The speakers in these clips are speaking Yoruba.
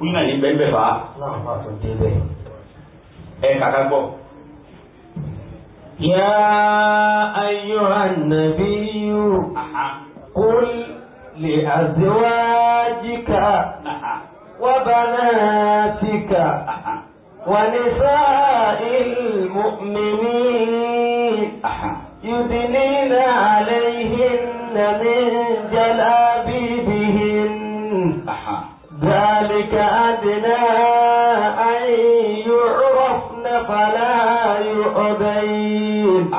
kúnyìnà ní bẹ́ẹ̀ bẹ́ẹ̀ fà á. ẹ kàkà gbọ́. يا أيها النبي قل لأزواجك وبناتك ونساء المؤمنين يدنين عليهن من جلابيبهن ذلك أدنى أن يعرفن فلا يؤذين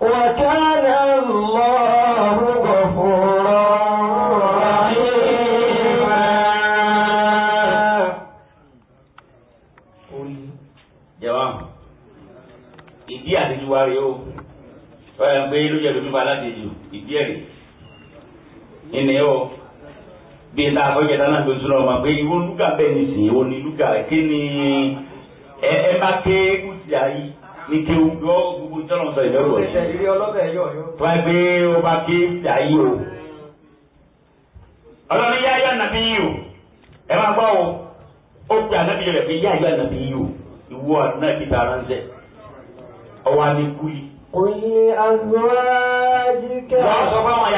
وكان الله غفورا رحيما جواب ìdí àtijọ́ wa rèé o ọ̀rẹ́ ń gbé lójú ẹ̀lómi pa aládejò ìdí ẹ̀rẹ̀ ìnìyẹn o. bí n ta àkọ́jẹ dáná tó sún ọmọ pé irú lúgà bẹ́ẹ̀ ni sìn ní kí ni ẹ bá ké kùsì ní kí o gbogbo tọ́lọ̀ sọ ìjọ rọ̀ yìí. tó o bá ké kùsì o. ọlọ́run yá yá nàbí o ẹ máa gbọ́ o ó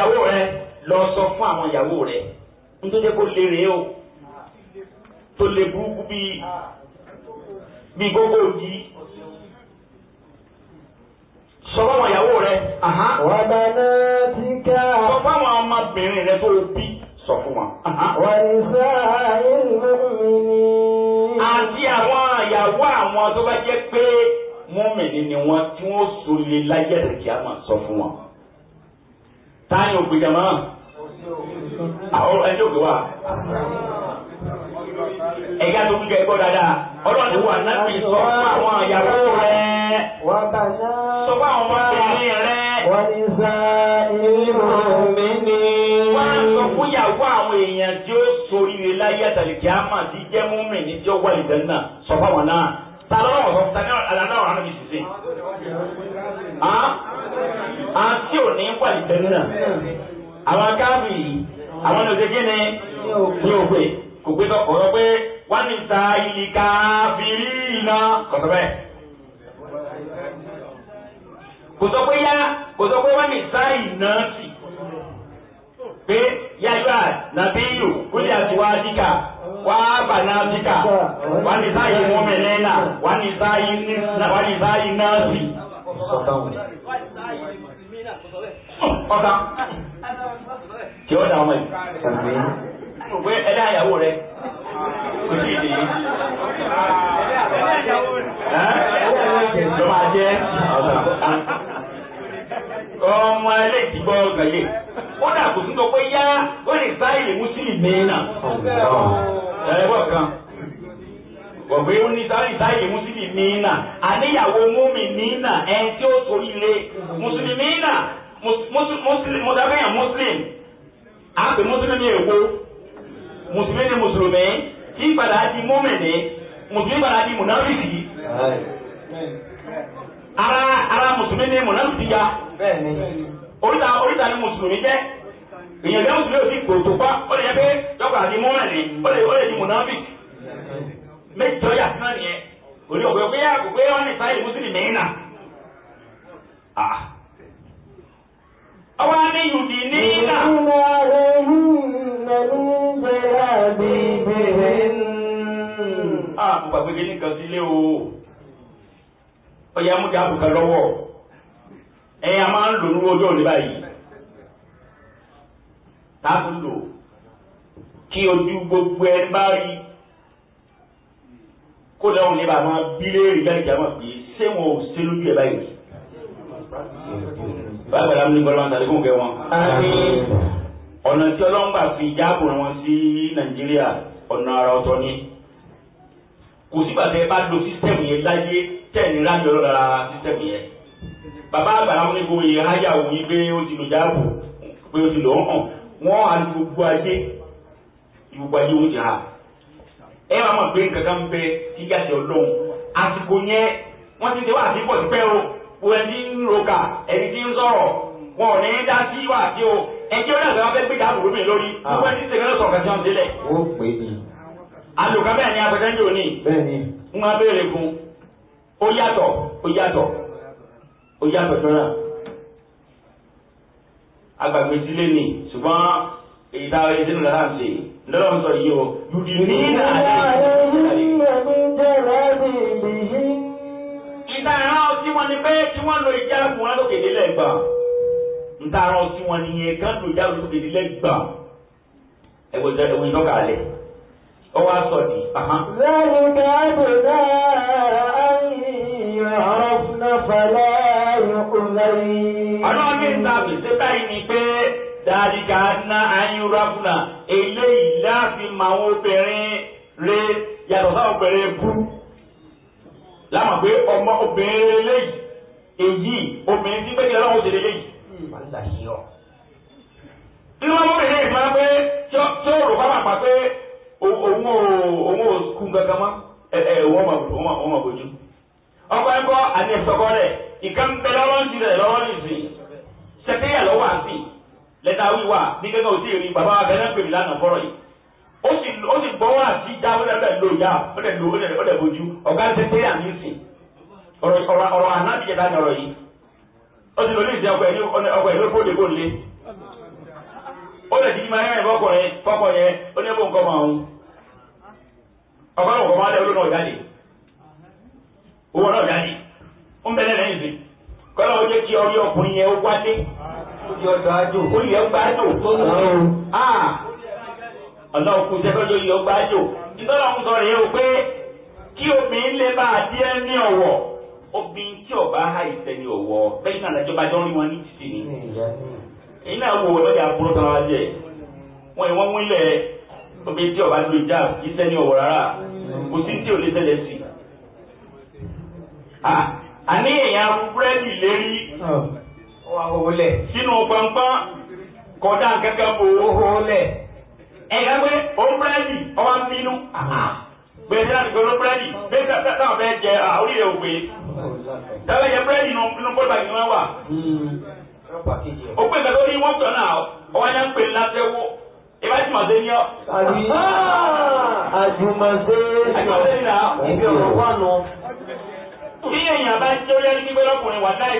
o ta lọ sọ fún àwọn ìyàwó ń tó jẹ́ kó lè rèé o tó lè burúkú bíi bíi gbogbo òjì sọ́kọ́ àwọn ìyàwó rẹ̀. wàdà náà ti ká. sọ fún àwọn ọmọbìnrin rẹ tó bí sọ fún wọn. wàlísà ìlúmìnì. àti àwọn ìyàwó àwọn tó bá jẹ́ pé mọ́mìnì ni wọ́n tí wọ́n sọ lè láyé ẹ̀rẹ̀ kí a máa sọ fún wọn. táyà ògbèjà máa àwọn ẹni òkè wa. ẹ̀yà tó kú jẹ́ ẹgbọ́ dáadáa ọlọ́run ti wà náà fi sọ fún àwọn ìyàwó rẹ̀ sọ fún àwọn ọmọbìnrin rẹ̀. wọ́n ní sá irú mi ní. wọ́n á sọ fún ìyàwó àwọn èèyàn tí ó soríire láyé àtàlìkí àmà tí jẹ́ múmi níjọ́ wà ìdán náà sọ fún àwọn náà. ta lọ́wọ́ sọ fún ta ní àlànà ọ̀hánà mi sì sè àti òní wà ìdán náà àwọn akáàbì yìí àwọn ní òṣèké ni ní òpè kò pé tọ ọ̀rọ̀ pé wà ní ta ìlìkà fìrí iná kọ̀tọ̀ bẹ́ẹ̀. kò sọ pé yá kò sọ pé wà ní ta ìná sí pé yáyá nàbíyù kúlì àti wá díkà wá bàná díkà wà ní ta ìmúmẹ̀lẹ́nà wà ní ta ìná sí. ọ̀tá tí ó da ọmọ yìí kò pé ẹ dá ìyàwó rẹ kò sí ìdí yìí. ìjọ máa jẹ ọmọ ẹlẹ́yìí gbọ́ gbẹ̀lẹ́ ó dà kò tún tó pé yá ó lè bá ìlú mùsùlùmí náà. ẹ bọ̀ kan ọ̀gbẹ́ ó ní sáré ìsáyè mùsùlùmí mìínà àníyàwó múmi mìínà ẹni tí ó sórí ilé mùsùlùmí mìínà mùsùlùmí mùsùlùmí mùsùlùmí à ń pè mùsùlùmí èwo mùsùlùmí ni mùsùlùmí tí di mọ́mẹ̀lì mùsùlùmí padà di mùnáfíìsì. ara ara mùsùlùmí ni ya oríta oríta ni mùsùlùmí jẹ́ mùsùlùmí gbòòtò pa ó lè yẹ pé di ó lè ó lè di òní ọ̀gbẹ́ ọwọ́ ní yùdí ní ìlà. ìlà rẹ̀ yìí mẹ́lú bẹ̀rẹ̀ àbí bẹ̀rẹ̀ ń. a mo o ọyẹ amúdí àbùkà lọ́wọ́ ẹ a máa ń lò ní ọjọ́ òní báyìí tá lò kí ojú gbogbo ẹ bá rí kó lẹ́wọ̀n ní bàbá bílẹ̀ rí bẹ́ẹ̀ jámọ̀ pé ṣé wọn ò ṣe lójú ẹ báyìí báyìí bàbá mi ní bọ́lá máa tàbí kò kẹ́ wọn. ọ̀nà tí ọlọ́ngbà fi jáàbò wọn sí nàìjíríà ọ̀nà ara ọ̀tọ̀ ni kò sígbà tẹ bá lo sísítẹ̀mù yẹn láyé tẹ̀lé rájọ lọ́la sísítẹ̀mù yẹn. bàbá àgbàlá wọn ní kò yẹ háyàwó yìí pé ó ti lò jáàbò pé ó ti lò hàn wọn á gbogbo ajé gbogbo ajé oúnjẹ ha ẹ máa mọ̀ pé nǹkan kan bẹ kí yàtọ̀ ọlọ́run àsìkò yẹn wọ́n ti tẹ wá àbíkọ̀ ti gbogbo ẹni tí ń roka ẹni tí ń sọ̀rọ̀ wọn ò ní í dá sí wà sí o ẹjẹ́ ó dàgbà fẹ́ gbé ìdáàbò lómi lórí ah. gbogbo ẹni tí sèké ló sọ̀rọ̀ kẹsí ọ̀hún délẹ̀. ó pè é ní. àlùkò bẹ́ẹ̀ ni apẹ̀tẹ́ ń jò ní. bẹ́ẹ̀ni. ń máa béèrè fún ó yàtọ̀ ó yàtọ̀ ó yàtọ̀ jọ́nà. agbàgbé sílé ni ṣùgbọ́n ìdáwọ̀ ẹ̀dínlẹ̀ láǹṣe lọ́lọ́run sọ yìí o. yùdì ní ìlànà wọn ni pé kí wọ́n lo ìjáàbù wọn lókèdè lẹ́gbà ntaara ọtí wọn nìyẹn kan lo ìjáàbù lókèdè lẹ́gbà ẹ̀wọ̀n ìjọba ìjọba rẹ̀ ọwọ́ aṣọ di. lẹ́yìn ká àbùdá ayé ọ̀rọ̀fúnà fàlẹ́ ayọ̀kùnrin. ọlọ́run ní ìta àbẹ̀sẹ̀ báyìí ni pé dáríkà ná ayọ̀rọ̀fúnà eléyìí láàfin màwọn obìnrin rẹ̀ yàtọ̀ sáwọn obìnrin bú láwọn pé ọmọ obìnrin lélẹ́yìí èyí obìnrin tí gbẹ́jẹ́ lọ́wọ́ ṣe lélẹ́yìí wà á láyé ọ. nínú ọmọ obìnrin yìí máa ń pé tí ó rò fáwọn àpá pé òun ò òun ò kú gangan mọ́ ẹ ẹ òun ò mọ̀ bójú. ọkọ ẹ kọ́ àní ìsọkọ rẹ̀ ìkan bẹ lọ́wọ́ ń tirẹ̀ lọ́wọ́ ń sìn sẹ́kẹ́yà lọ́wọ́ àǹtí lẹ́tà wíwà bí gẹ́gẹ́ òsì rí bàbá abẹ́rẹ́ pèmí lánàá fọ́rọ̀ yìí o sì ó sì gbọ́ wá sí ìjà ó lẹ́bẹ̀ ló ìjà ó lẹ́ lo ó lẹ́ bojú ọ̀gá tẹ́tẹ́ àmì ọ̀rọ̀ ànábì yẹn láti ọ̀rọ̀ yìí ó sì lórí ìsìn ọkọ̀ ẹ̀ ọkọ̀ ẹ̀ ló kó lè kó lé ó lè dídí máa ń rìn fọkùnrin fọkùn yẹn ó ní ẹ̀bùn kọ́mọ ọ̀hún máa lẹ́ ọ̀jáde owó náà jáde ó ń lẹ́yìn sí kọ́lá ó jẹ́ kí ọlọ́run kò jẹ́ kọ́jọ́ yìí ọgbà jò nítorí àwọn sọ̀rọ̀ yẹn o pé kí obìnrin lè bá a díẹ̀ ní ọ̀wọ̀ obìnrin tí ọba ha ìsẹ̀ni ọ̀wọ̀ bẹ́ẹ̀ náà lẹ́jọ́ bá jọ rí wọn ní títì ni èyí náà wò lọ́jà àbúrò tó wá jẹ wọn ìwọ́n wílẹ̀ obìnrin tí ọba lóye já ìsẹ̀ni ọ̀wọ̀ rárá kò sí tí ò lè tẹ̀lé sí. àní èèyàn búrẹ́dì lérí sínú pọnpọ́n kọ̀dá kankan bò ó lẹ̀ ẹ̀yà pé ó búrẹ́dì ọmọ ń bínú gbèsè àti pẹ̀lú búrẹ́dì gbèsè táwọn fẹ́ jẹ orí rẹ̀ òwe táwọn jẹ búrẹ́dì nínú pọ́lùbàgì ni wọ́n wà. ó pè kàtó ní wọ́n tọ̀ náà ọwọ́ yẹn ń pè lásẹ̀wó ìbá ti màdé ní ọ. àjùmọ̀dé àjùmọ̀dé náà ìgbẹ́ òwò wà nù. bí èèyàn bá jẹ́ ó yẹ kí gbẹ́lọ́kùnrin wà láì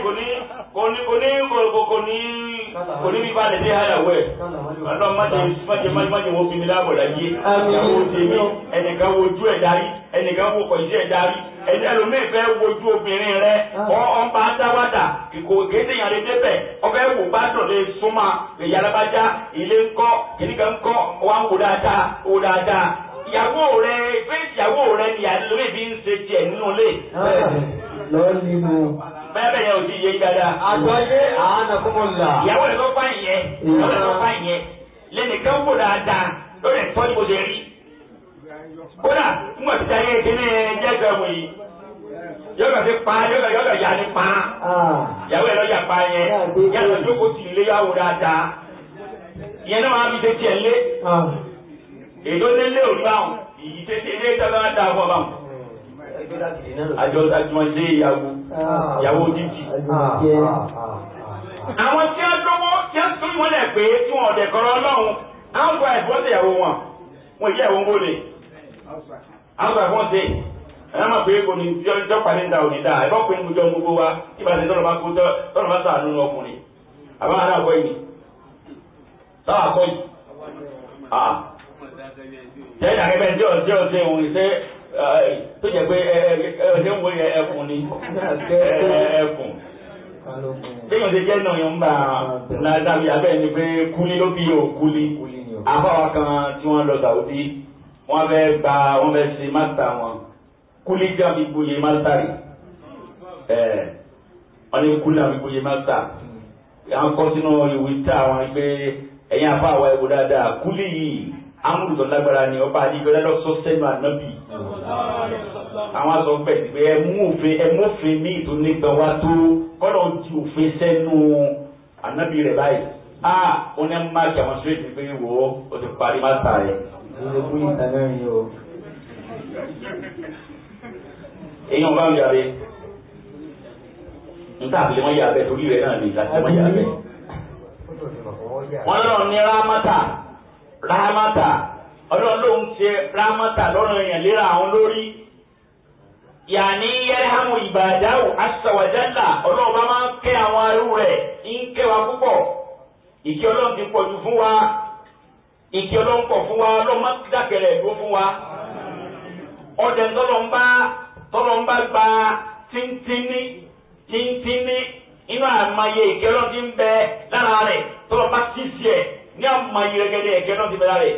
kò ní bí balẹ̀ dé hàlà wẹ̀ ọlọ́ májè májè wo fi mi láàbọ̀ láyé ìyàwó tèmi ẹnìkan wojú ẹ̀ darí ẹnìkan wo kọ̀ọ̀ṣẹ́ ẹ̀ darí ẹni ẹlòmíì fẹ́ wojú obìnrin rẹ kọ́ ọba dáwàdà kò gédé yàrá débẹ̀ ọbẹ̀ ni bẹ́ẹ̀ bẹ́ẹ̀ yẹn o ti yé dáadáa. àgbọ̀yé àánà fún mi là. ìyàwó rẹ̀ ló fà yẹn ìyàwó rẹ̀ ló fà yẹn lẹ́nìkan wò dáadáa lórí ẹ̀tọ́ ni mo ṣe rí. kódà ń wà títa yẹn kíní jẹ́gbẹ̀ wò yìí yóò lọ pa yóò lọ yóò lọ pa ah. ìyàwó rẹ̀ lọ yà pa yẹn yàrá o jókòó tì lé yàwó dáadáa ìyẹn náà wàá fi ṣe tiẹ̀ lé ah. èdè ó lé lé òun báwọn ìyí ṣe ṣe ilé ìtọ́lọ́wọ́ àjọ àjùmọ̀ṣe ìyàwó ah. ìyàwó òjijì. Ah, ah, àwọn tí wọ́n lówó tí wọ́n tún múlẹ̀ pé tí wọ́n ọ̀dẹ̀ kọ́rọ́ ọlọ́run àwọn bọ̀ ẹ̀fọ́ sí ìyàwó wọn wọn ìyá ìwọ̀n wọlé àwọn bọ̀ ẹ̀fọ́ sí ẹ̀rọ máa pé kò ní jọ́pàá ní ìdá òní dá ẹ̀fọ́ pé ń gbójọ́ gbogbo wa ìbàdí tọ́lọ́ bá kó tọ́lọ́ bá sàánú ọkùnrin àbá àná àkọ́ yìí sáà àkọ́ yìí. jẹ́ ìdàgẹ́bẹ́ jẹ́ ọ̀sẹ̀ ọ̀sẹ̀ òun ìṣe tó jẹ́ pé ẹ̀ẹ́dẹ́ ń wo ẹ̀kùn ni ẹ̀kùn téèyàn ṣe jẹ́ náà yóò ń bà ládàbí abẹ́ ni pé kúlí ló bí o kúlí àbáwá kan tí wọ́n lọ sàwùdí wọ́n fẹ́ gba wọ́n fẹ́ ṣe máta wọn kúlí jẹ́ àmì gbòye máta rè ẹ̀ wọ́n ní kúlí àmì gbòye máta à ń kọ́ sínú ìwé tá àwọn pé ẹ̀yin àbáwá ẹ̀wò dáadáa kúlí yìí amúlùtọ̀ lágbára ni ọba àdìgbẹ́lẹ́ lọ́sọ̀ọ́sẹ́nu ànábì yìí àwọn sọ pé pé ẹ mú òfin ẹ mú òfin mí tó nígbà wá tó kọ́dọ̀ ju òfin sẹ́nu ànábì rẹ̀ báyìí a wọn ní má kí àwọn sùúrù pé wò ó o ti parí má ta rẹ̀. èèyàn bá mi yàrá nta àbílẹ̀ wọn yà bẹ́ẹ̀ torí rẹ̀ náà ni láti wọn yà bẹ́ẹ̀. wọn lọ ní rámátà rámátà ọlọ́run ló ń ṣe rámọ́tà lọ́rùn èèyàn léra àwọn lórí yàní yẹ́hámù ìbàdáwò aṣàwàjálà ọlọ́run bá máa ń kẹ́ àwọn arú rẹ̀ ń kẹ́ wa púpọ̀ ìkí ọlọ́run ti pọ̀ jù fún wa ìkí ọlọ́run pọ̀ fún wa ọlọ́run má dàkẹ̀rẹ̀ ìlú fún wa ọdẹ tọ́lọ́mbá tọ́lọ́mbá gba tíntínní tíntínní inú àmàyè ìkẹ́ ọlọ́run ti ń bẹ lára rẹ̀ tọ́lọ́mbá tíṣì ẹ̀ ní àmàyè rẹ̀ gẹ́gẹ́ ìkẹ́ ọlọ́run ti bẹ lára rẹ̀.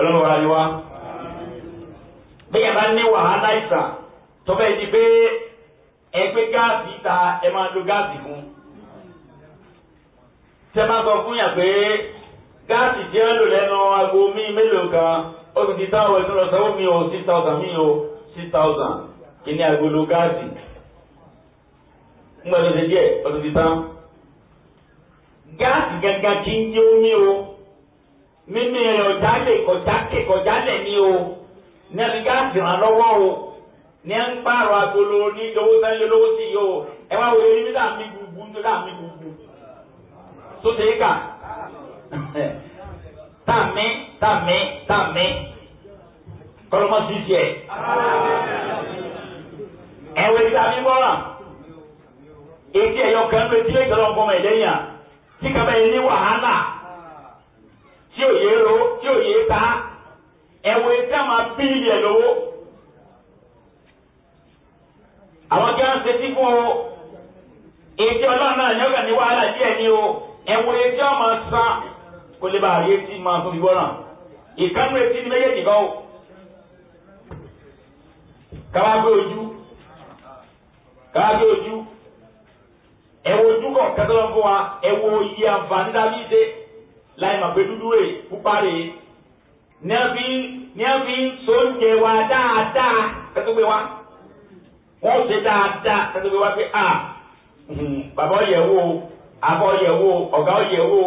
ọlọ́mọ wa ni wá. bẹ́ẹ̀ bá ní wàhálà ìsà tọ́bẹ̀ di pé ẹ pé gáàsì ta ẹ máa lo gáàsì fún. tẹ́ bá sọ fún yàn pé gáàsì jẹ́ lò lẹ́nu aago mí mélòó kan ó ti di táwọn ẹ̀sùn lọ sẹ́wọ́n mi ò six thousand mi ò six thousand kí ni agolo gáàsì ńgbà tó ṣe díẹ̀ ó ti di tán. gáàsì gangan kí ń jẹ́ omi o mímí rẹ̀ ọ̀já lè kọjá kè kọjá lẹ̀ ní o ní ẹni gáàsì ràn lọ́wọ́ o ní ẹ ń pààrọ̀ agolo ní ìdówó sẹ́yìn olówó sí yìí o ẹ wá wo eré nígbà mí gbùgbù nígbà mí gbùgbù tó ṣe é kà tàmí tàmí tàmí kọlọmọ sí tiẹ̀ ẹ̀wẹ̀ tàmí mọ́ràn ètí ẹ̀yọ kan ló ti lè gbọ́dọ̀ fọmọ ẹ̀dẹ́yìn à tí kàbẹ́ yìí ní wàhálà. tí ò yé ro tí ò yé ta ẹ̀wọ̀n etí àwọn abílì ẹ̀ lówó. àwọn kí ṣe tí fún o ètí ọlọ́run náà yọ̀gàn ní wàhálà díẹ̀ ni o ẹ̀wọ̀n etí ọmọ san kó lè bá àyè tí máa tó fi bọ́ràn ìkánú etí ni méjèèjì kan o kaba gbé ojú kaba gbé ojú wa iye àǹfààní ṣe. láì mọ̀ pé dúdú rè pupa rè ní a fi ń sóúnjẹ wa dáadáa kẹ́tọ́gbé wa wọ́n ṣe dáadáa kẹ́tọ́gbé wa pé a bàbá ọ̀yẹ̀wò àbọ̀ ọ̀yẹ̀wò ọ̀gá ọ̀yẹ̀wò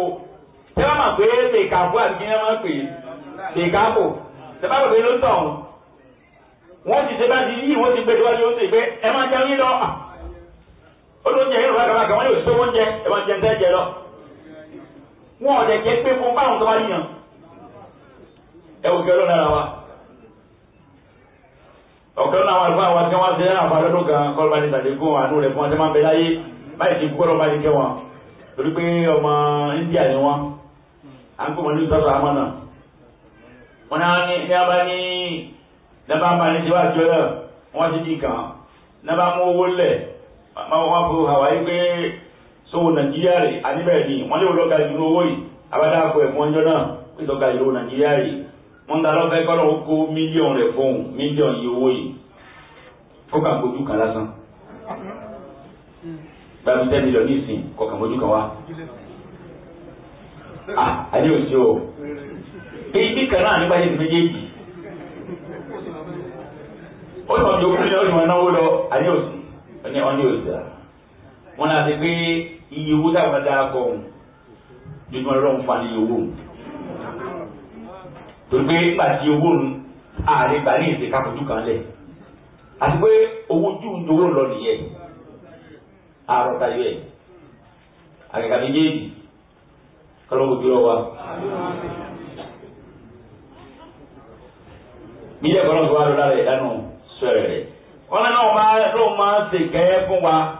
tẹ́ bá mọ̀ pé tèkàfó àti kí ni wọ́n pè tèkàfó tẹ́ bá mọ̀ pé ló tọ̀ wọ́n ti ṣe bá ti yí wọ́n ti gbé tiwájú ó ti gbé ẹ máa jẹun yín lọ olóúnjẹ yín lọ́kàkàkà wọ́n yóò ṣe owó wọn ò dẹ̀ jẹ́ pé kó bá àwọn tó bá yíyan ẹ wò kí ọlọ́run ara wa ọ̀kẹ́ ọ̀nà àwọn àlùfáà wa tí wọ́n ṣe àwọn àlọ́dún kan kọ́lọ́ba ní sàdékùn àánú rẹ̀ fún wọn tí wọ́n bẹ láyé báyìí ti kúrò bá ti kẹ́ wọn torí pé ọmọ India ni wọn à ń kó wọn ní ìtọ́sọ̀ amọ̀nà wọn náà ní ní abá ní dábà bá ní ti wá jọ lẹ̀ wọ́n ti di kàn náà bá mú owó lẹ̀ máa wọ́n fún Hawaii pé so nàìjíríà rè aníbẹ̀rẹ̀ ni wọ́n léwu lọ́ga ìlú owó yìí abádáàpọ̀ ẹ̀fọn ọjọ́ náà pé lọ́ga ìlú nàìjíríà rè wọ́n ta lọ́fẹ́ kọ́ lọ́wọ́ kó mílíọ̀nù rẹ̀ fóun mílíọ̀nù yìí owó yìí kọ́kà gbójú kan lásán báyìí ten million ní ìsìn kọ́kà gbójú kan wá ah ayé òsì o ibi kan náà nípa yẹn méjèèjì ó sọ ti o kúlẹ̀ ó náwó lọ ayé òsì ti pé iye owó táwọn máa dáa kọ òun lójúmọ́ lọ́wọ́ fún àlejò owó òun torí pé nígbà tí owó òun ààrẹ gbà ní ìsìn kákojú kan lẹ̀ àti pé owó jù ń dowó lọ nìyẹn àárọ̀ tayọ ẹ̀ àgàgà méjèèjì kọlọ́wọ́ gbé ọ wa. bílẹ̀ kọ́nà tó wà rẹ̀ dánú sọ̀rọ̀ rẹ̀ wọ́n náà máa lóun máa ń fún wa.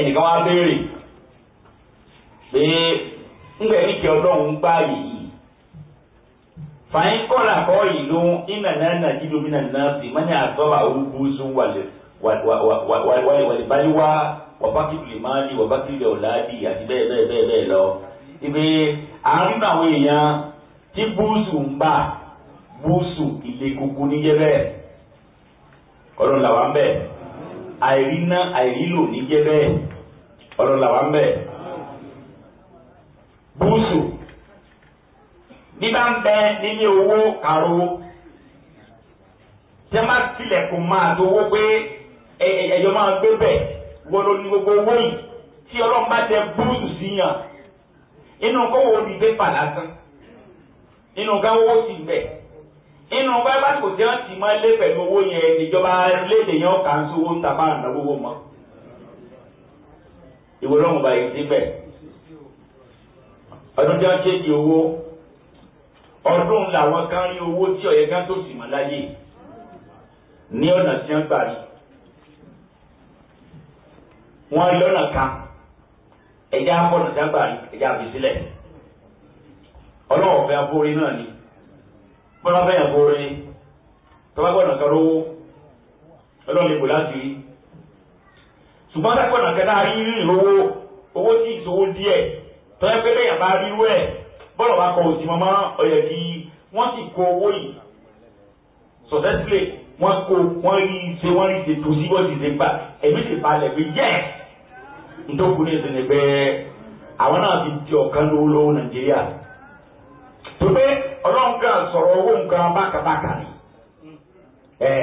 ẹnìkan wá béèrè pé ńgbẹ́ níkẹ́ ọlọ́run gbá yìí fàyín kọ́là kọ́ ìlú ìnànà nàìjíríà mi nàìjíríà sì mọ́ni àgọ́bà olúbùsù wàlìbáyíwá wàbákìlì máàlì wàbákìlì ọ̀làdì àti bẹ́ẹ̀ bẹ́ẹ̀ bẹ́ẹ̀ bẹ́ẹ̀ lọ. ibi àárín àwọn èèyàn tí búùsù ń bà búùsù ilé kúkú níjẹ́ bẹ́ẹ̀ ọlọ́run làwọn bẹ́ẹ̀ àìríná àìrílò ní jẹ́ bẹ́ẹ̀ ọlọ́lá wa ń bẹ̀. gúúsù bí bá ń bẹ nílé owó kàró tí a máa tilẹ̀kùn máa dowó pé ẹ̀yọ́ máa gbé bẹ̀ wọ́n ní gbogbo owó yìí tí ọlọ́run bá tẹ gúúsù sí yàn inú kọ́wọ́ òdìgbé fà inú káwọ́ sì bẹ̀ inú báyìí básìkò tí wọ́n ti máa lé pẹ̀lú owó yẹn ìjọba léde yẹn ọ̀kà ń sówó ń tapá àǹdá gbogbo mọ́ ìwé ọlọ́run bá yìí síbẹ̀ ọdún tí wọ́n kéde owó ọdún làwọn kan rí owó tí ọ̀yẹ́ kan tó sì mọ́ láyé ní ọ̀nà tí wọ́n gbà rí wọ́n rí ọ̀nà kan ẹ̀já akọ̀nà tí wọ́n gbà rí ẹ̀já àbísílẹ̀ ọlọ́wọ́ fẹ́ náà ni bọ́lá bẹ́yàn kó rí tọ́wọ́ gbọ́dọ̀ kan láti rí ṣùgbọ́n rí rí owó tí ìṣòwò díẹ̀ tọ́wọ́ bá rírú ẹ̀ bọ́lọ̀ wa kọ òsì mọ́mọ́ ọ̀yẹ̀ kí wọ́n sì kó owó yìí sọ̀tẹ́sílẹ̀ wọ́n kó wọ́n rí ṣe wọ́n rí ṣe tó sí wọ́n ṣe gbà ẹ̀mí sì balẹ̀ pé yẹ́ ntọ́kùnrin ìṣẹ̀lẹ̀ bẹ́ẹ̀ àwọn náà ti di ọ̀kan lówó lọ́wọ́ Nàìjíríà tó pé ọlọ́run kan sọ̀rọ̀ owó nǹkan bákàbákà ni ẹ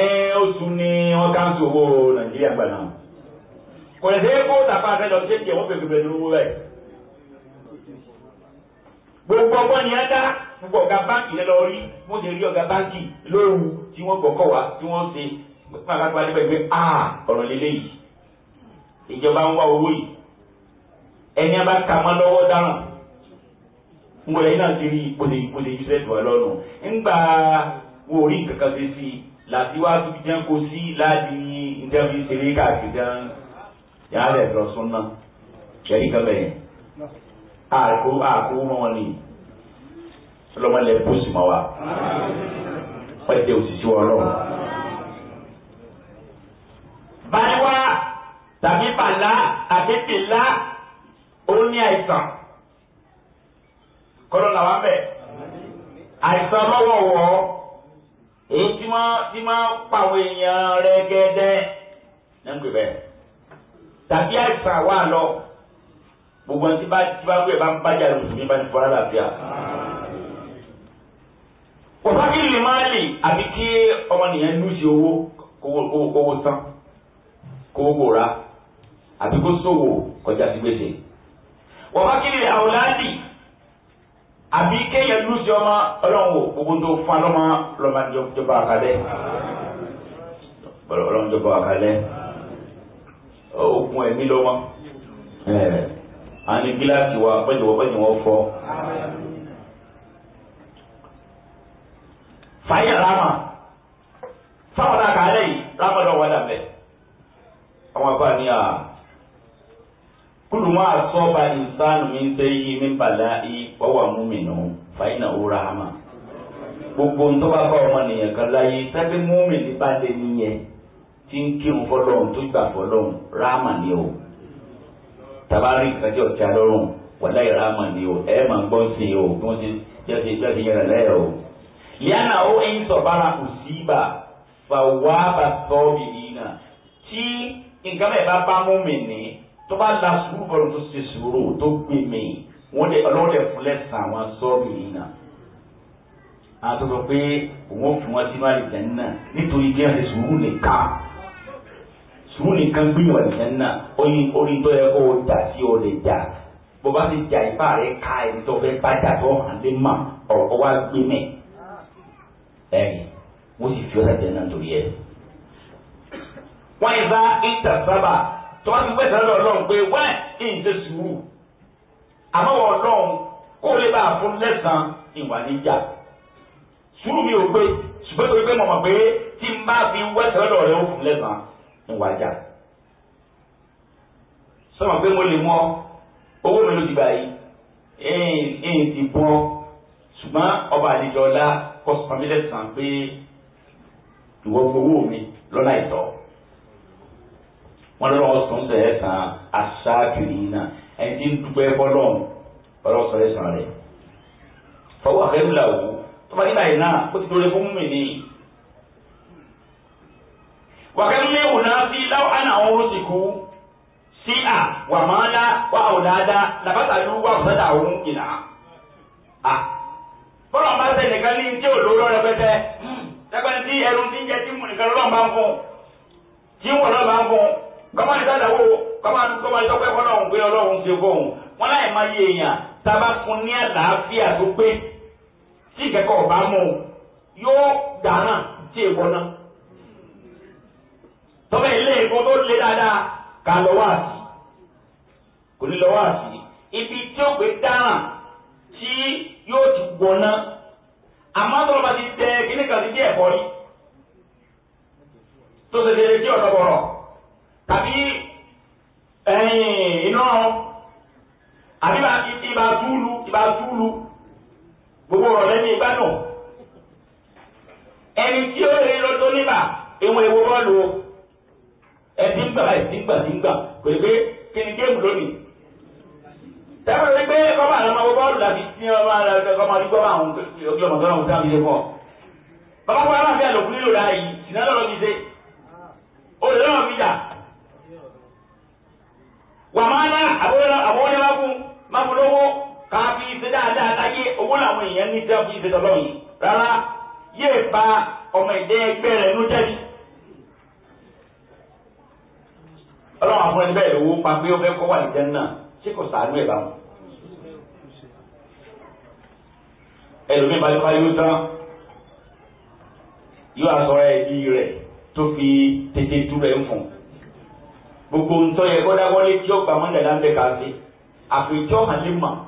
ẹ oṣù ni wọ́n ká ń sọ owó nàìjíríà gbà náà kò lè dé kó tàpá àtẹjọ tí èkìyẹ wọ́n fèkè pẹ̀lú owó rẹ̀ gbogbo ọgbọ́n ni ẹ dá gbogbo ọ̀gá báńkì yẹn lọ rí wọ́n ti rí ọ̀gá báńkì lóru tí wọ́n gbọ́kọ̀ wá tí wọ́n ṣe fún àgbàgbà nípa ìgbé a ọ̀rọ̀ lélẹ̀ yìí ìjọba ń wá owó yìí ẹni a bá mọ́ lọ́wọ́ dáràn ngbọ ẹyin náà ti rí ìpòsè ìpòsè yìí sẹ́ẹ̀tù wa lọ́nu ńgbà wo orí kankan ṣe sí i láti wá tó jẹ́ kó sí láti ìjẹun ìṣeré káàkiri jẹun yàrá rẹ̀ lọ sún náà ṣẹ́rí kan bẹ̀yẹn àkó àkó mọ́ wọn ni ọlọ́mọlẹ̀ bóṣù mọ́ wa wọ́n jẹ́ òṣìṣẹ́ báyìí wá tàbí bàlá àbí bìlá ó ní àìsàn kọ́lọ́ làwọn bẹ̀. àìsàn lọ́wọ̀wọ́ èyí tí wọ́n ti máa ń pàwọn èèyàn rẹ gẹ́gẹ́ ní ń pè bẹ́ẹ̀. tàbí àìsàn wà lọ gbogbo ẹni tí bá tí bá wúyẹ bá ń bájà lóṣù mi bá ń fọlá làbíà. wọ́pákì lè máa lè àbí kí ọmọnìyàn lùsì owó kówó tán kówó kò ra àbí kó sòwò kọjá sí gbèsè. wọ́pákì lè àwòlá dì àbí kéèyàn lùsì ọmọ ọlọ́run wò gbogbo tó fún alọ́mọ lọ́mọ jọba àkàlẹ́ ọlọ́run jọba àkàlẹ́ ogun ẹ̀mí lọ́mọ àní gíláàsì wa pẹ́jọwọ́ pẹ́jọwọ́ fọ́ fàyà rámà fáwọn àkàlẹ́ yìí rámà lọ́wọ́ dàbẹ̀ àwọn àgbà ní à kulu ma asọba insanu min seyi min bala'i wawa muminu faina o rahama gbogbo ntọba bá ọmọ nìyẹn kan láyé sábẹ mumini bá lé nìyẹn tí ń kírun fọlọ́run tó gbà fọlọ́run rahama ni o tabari kájọ ọjà lọ́rùn wàláyé rahama ni o ẹ máa gbọ́ sí i o bí wọ́n ti jẹ́sí jẹ́sí yẹn lẹ́yẹ o. liana o ń sọ̀bára kù síbà fàwa bàtọ́ bìbí náà tí nǹkan mẹ́ẹ̀ bá bá mumini tó bá la sùúrù bọ̀rọ̀ tó ṣe sùúrù tó gbé mi wọ́n lè ọlọ́wọ́ lè fún lẹ́sàn àwọn sọ́ọ̀rù yìí náà àwọn tó sọ pé òun fún wọn sínú àìjẹ́ náà nítorí bí wọ́n ṣe sùúrù nìkan sùúrù nìkan gbìyànjú àìjẹ́ náà oyin orin tó yẹ kó o dà sí o lè dà bó bá ti jà ìbá rẹ ká ẹni tó fẹ́ bá jà tó hàn lé mà ọ̀rọ̀ wá gbé mẹ́ ẹ̀yìn wọ́n sì fi ọ́ sàjẹ́ náà torí ẹ̀. wọ́n ìbá ìtàsábà tó bá ti gbé ìtàn lọ́dọ̀ ọlọ́run pé wáì kí n ṣe sùúrù àmọ́ wọ ọlọ́run kó lè bá a fún lẹ́sàn-án ìwà níjà sùúrù mi ò gbé ṣùgbọ́n pé pé mo mọ̀ pé tí n bá fi wẹ́sẹ̀ lọ́dọ̀ rẹ ó fún lẹ́sàn-án ìwà jà sọ̀rọ̀ pé mo lè mọ owó mi ló ti gbà yìí ẹ̀ẹ́n ti bọ́ ṣùgbọ́n ọba àlejò ọlá kọ́sùpàmílẹ̀ sàn pé ìwọ gbowó mi lọ́nà ìtọ́ wọ́n lọ́rọ̀ ọ̀sán bẹ̀rẹ̀ kan aṣáákiri náà ẹni tí ń dúpẹ́ fọlọ́n ọlọ́sọ̀ ẹ̀sán rẹ̀ fọwọ́ àfẹ́rù làwù tó bá nílà yìí náà ó ti dúró fún mi ní. wàkẹ́lẹ́ wò náà sí láwọn àna àwọn orósì kú sí à wà máa dá wà ò dáadáa làbátà ló wà ò sádà òun ìlà. fọlọ́n bá sẹ́yìn nìkan ní tí ò lóró rẹpẹtẹ lẹ́gbẹ̀ẹ́ hmm. tí ẹnu ti jẹ́ tí mùnìkan lọ́n bá ń fún tí wọ́n lọ́n bá ń fún kọ́má ní sàdáwó kọ́má kọ́má ní sọ́pẹ́ fọlọ́hún pé ọlọ́hún ṣe fóun wọn láì máa yé èèyàn tábà fún ní àlàáfíà tó pé tí ìkẹ́kọ̀ọ́ bá mú un yóò dáná tí èèwọ̀ náà tọ́pẹ́ ilé ìfọ́ tó lé dáadáa kà lọ́wọ́ àti kò ní lọ́wọ́ àti ibi tí ó pé dáná tí yóò ti gbọ́ná àmọ́ tó lọ́ba ti tẹ kíníkan ti dé ẹ̀kọ́ rí tó ṣe ṣe ṣe ọ̀dọ́ bọ̀rọ̀. gbogbo ọ̀rẹ́ ní ìgbádùn ẹni tí ó rí lọ́dún níbà ìwọ̀n ewu bọ́ọ̀lù o ẹtí ń gbà ẹtí ń gbà ní ń gbà kò lè pé kí ni géèmù lónìí. sẹ́wọ́n rí pé ọmọ àwọn ọmọ bọ́ọ̀lù làbí tí ọmọ àwọn ọmọ àdúgbò àwọn ojú ọmọ tọ́lá ọ̀hún sáàmì yẹn fọ́. bàbá wọn aláàbí àlòkù nílò dáa yìí ìná lọ́rọ́ mi ṣe olè lọ́rọ́ mi yà. wà máa ná àbúrò náà àbúrò náà má fún má fún lówó káfí ṣe dáadáa láyé owó làwọn èèyàn ní tí wọ́n fi ṣe tọ́lọ́ yìí rárá yéè ba ọmọ ẹ̀dẹ́ ẹgbẹ́ rẹ̀ ló jẹ́bi. ọlọ́run àwọn ẹni bẹ́ẹ̀ lówó pa pé ó fẹ́ kọ́ wà ní jẹ́nu náà ṣé kò sàánú ẹ̀ báwọn. ẹlòmíín bá lópa yóò tán yóò aṣọ ẹbí rẹ̀ tó fi tètè tú rẹ̀ ń fún gbogbo ntọ́ yẹ kọ́dá wọlé tí ó gbàmọ́ nígbà láńbẹ́ kàá sí àfi tí ó hàn lè mọ̀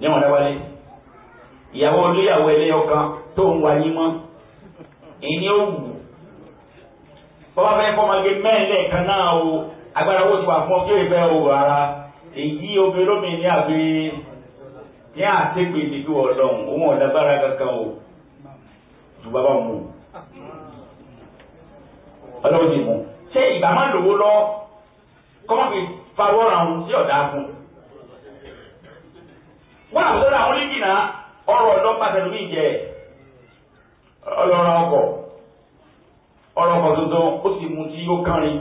yẹn wọn wálé ìyàwó olóyàwó ẹlẹ́yọ kan tó ń wá yín mọ́ ìní ó wù bọ́lá fẹ́ fọmọge mẹ́rin lẹ́ẹ̀kan náà o agbára owó ti wà fún ọjọ́ ìfẹ́ o ara èyí obìnrin lómi ní àbí ní àtẹ́gbè níbi ọlọ́run òun ọ̀dàgbára kankan o ju bàbá òun o ọlọ́run ti mú ṣé ìgbà máa lówó lọ kọ́mọ́ fi sí ọ̀dà fún un wọ́n àtúntò àwọn oníjìnà ọ̀rọ̀ ọ̀dọ́ pàṣẹ lómi jẹ ọlọ́rọ̀ ọkọ̀ ọ̀rọ̀ ọkọ̀ tuntun ó sì mú tí ó kánrin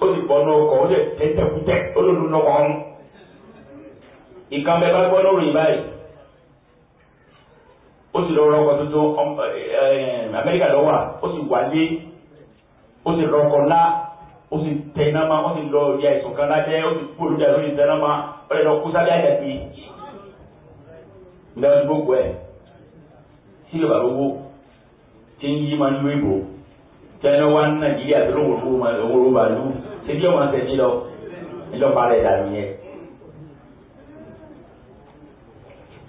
ó sì bọ̀ ní ọkọ̀ ó lè tẹ́tẹ̀kútẹ̀ ó lè lu lọ́kọ̀ ọ̀run ìkànnì ẹ̀ bá gbọ́ lórí báyìí ó sì lọ rọkọ̀ tuntun eh, Amẹ́ríkà lọ wà ó sì wálé ó sì rọkọ̀ ńlá ó sì tẹ̀ iná ma ó sì lọ ìyá ìsọ̀kan lájẹ́ ó sì kú olùdarí ìtẹ̀ iná ma ó lè lọ kú sábẹ́ àjàgbé ndọ́dún gbogbo ẹ̀ tí yóò bá gbogbo tí ń yí máa ń lu ìbò tẹ́lẹ̀ wá ní nàìjíríà tó lóun fún ma lóun ló bá lù ṣé bí wọ́n tẹ̀lé lọ ńlọ́pàá rẹ̀ dànù yẹn.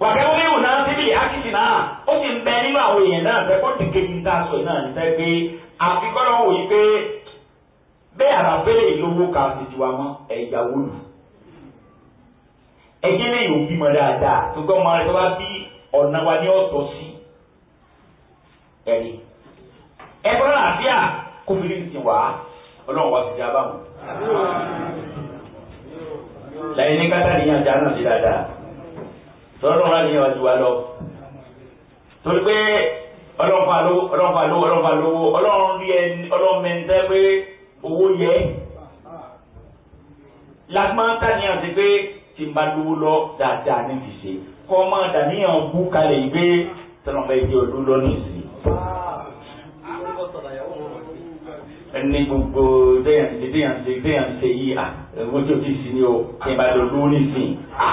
wàkẹ́wọ́n ní ìwòsàn síbi àkìsì náà ó ti ń bẹ nínú àwọn èèyàn náà fẹ́kọ́ ti kejì tá a sọ náà ní sẹ́ pé àfikọ́ náà wòye pé bẹ́ẹ̀ àbábẹ́lẹ̀ ìlówó kan ti ti mọ́ ẹ̀yà wọlù ẹ jẹ́ lẹ́yìn ò bímọ dáadáa gbogbo ọmọ rẹ tó bá bí ọ̀nà wa ní ọ̀tọ̀ sí ẹ̀rí ẹ̀kọ́ làáfíà kó fi rí ti wá ọlọ́run wa ti di abáwọn. láyé ní kátà níyàn já náà sí dáadáa tọ́lọ́run wa níyàn ju wa lọ torí pé ọlọ́run fa lówó ọlọ́run fa lówó ọlọ́run rí ẹni ọlọ́run mẹ́ntẹ́ pé owó yẹ lágbọ́n tàníyàn sí pé tí n bá lówó lọ dáadáa ní fi ṣe kọ́ ọmọ dàníyàn bú kalẹ̀ yìí pé tọ́lọ́mọ ìjẹ́ ọdún lọ́nà ìsìn. ẹni gbogbo déyàn ṣe déyàn ṣe déyàn ṣe yìí à ẹ̀wọ́n tí o ti sin ní o tí n bá lọ lówó nísìn à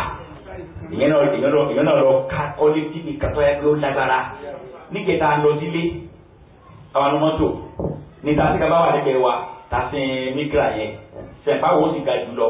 ìyẹn náà ìyẹn náà ìyẹn náà lọ ká kọ́lé tí mi kàtọ́ yẹ kí ó lágbára nígbẹ̀ta lọ sílé àwọn anumọ́tò níta sí ká bá wà lẹ́gbẹ̀ẹ́ wa tàṣin mikra yẹn sẹ̀ǹpá wo sì ga jù lọ.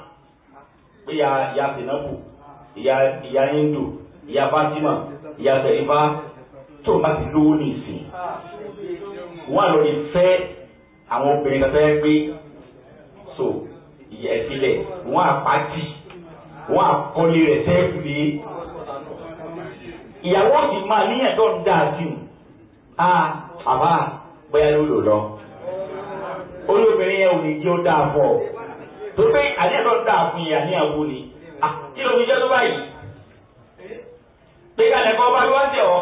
pé ìyá sinabu ìyá indo ìyá fatima ìyá sẹ̀rífà tó bá ti lówó ní ìsìn wọn lọ lè fẹ́ àwọn obìnrin kan fẹ́ gbé so ẹ̀sìnlẹ̀ wọn àpájì wọn àkọlé rẹ̀ sẹ́ẹ̀kù lé ìyàwó sì máa níyàn tó ń dà sí i a àbá bóyá ló lò lọ olóbìnrin yẹn ò ní jẹ́ ó dáa fọ́ ọ tó pé àníyàn tó ń dà fún yìí àníyàn ni kí ló fi jẹ́ tó báyìí pé kálẹ̀ kọ́ bá wá jẹ́ ọ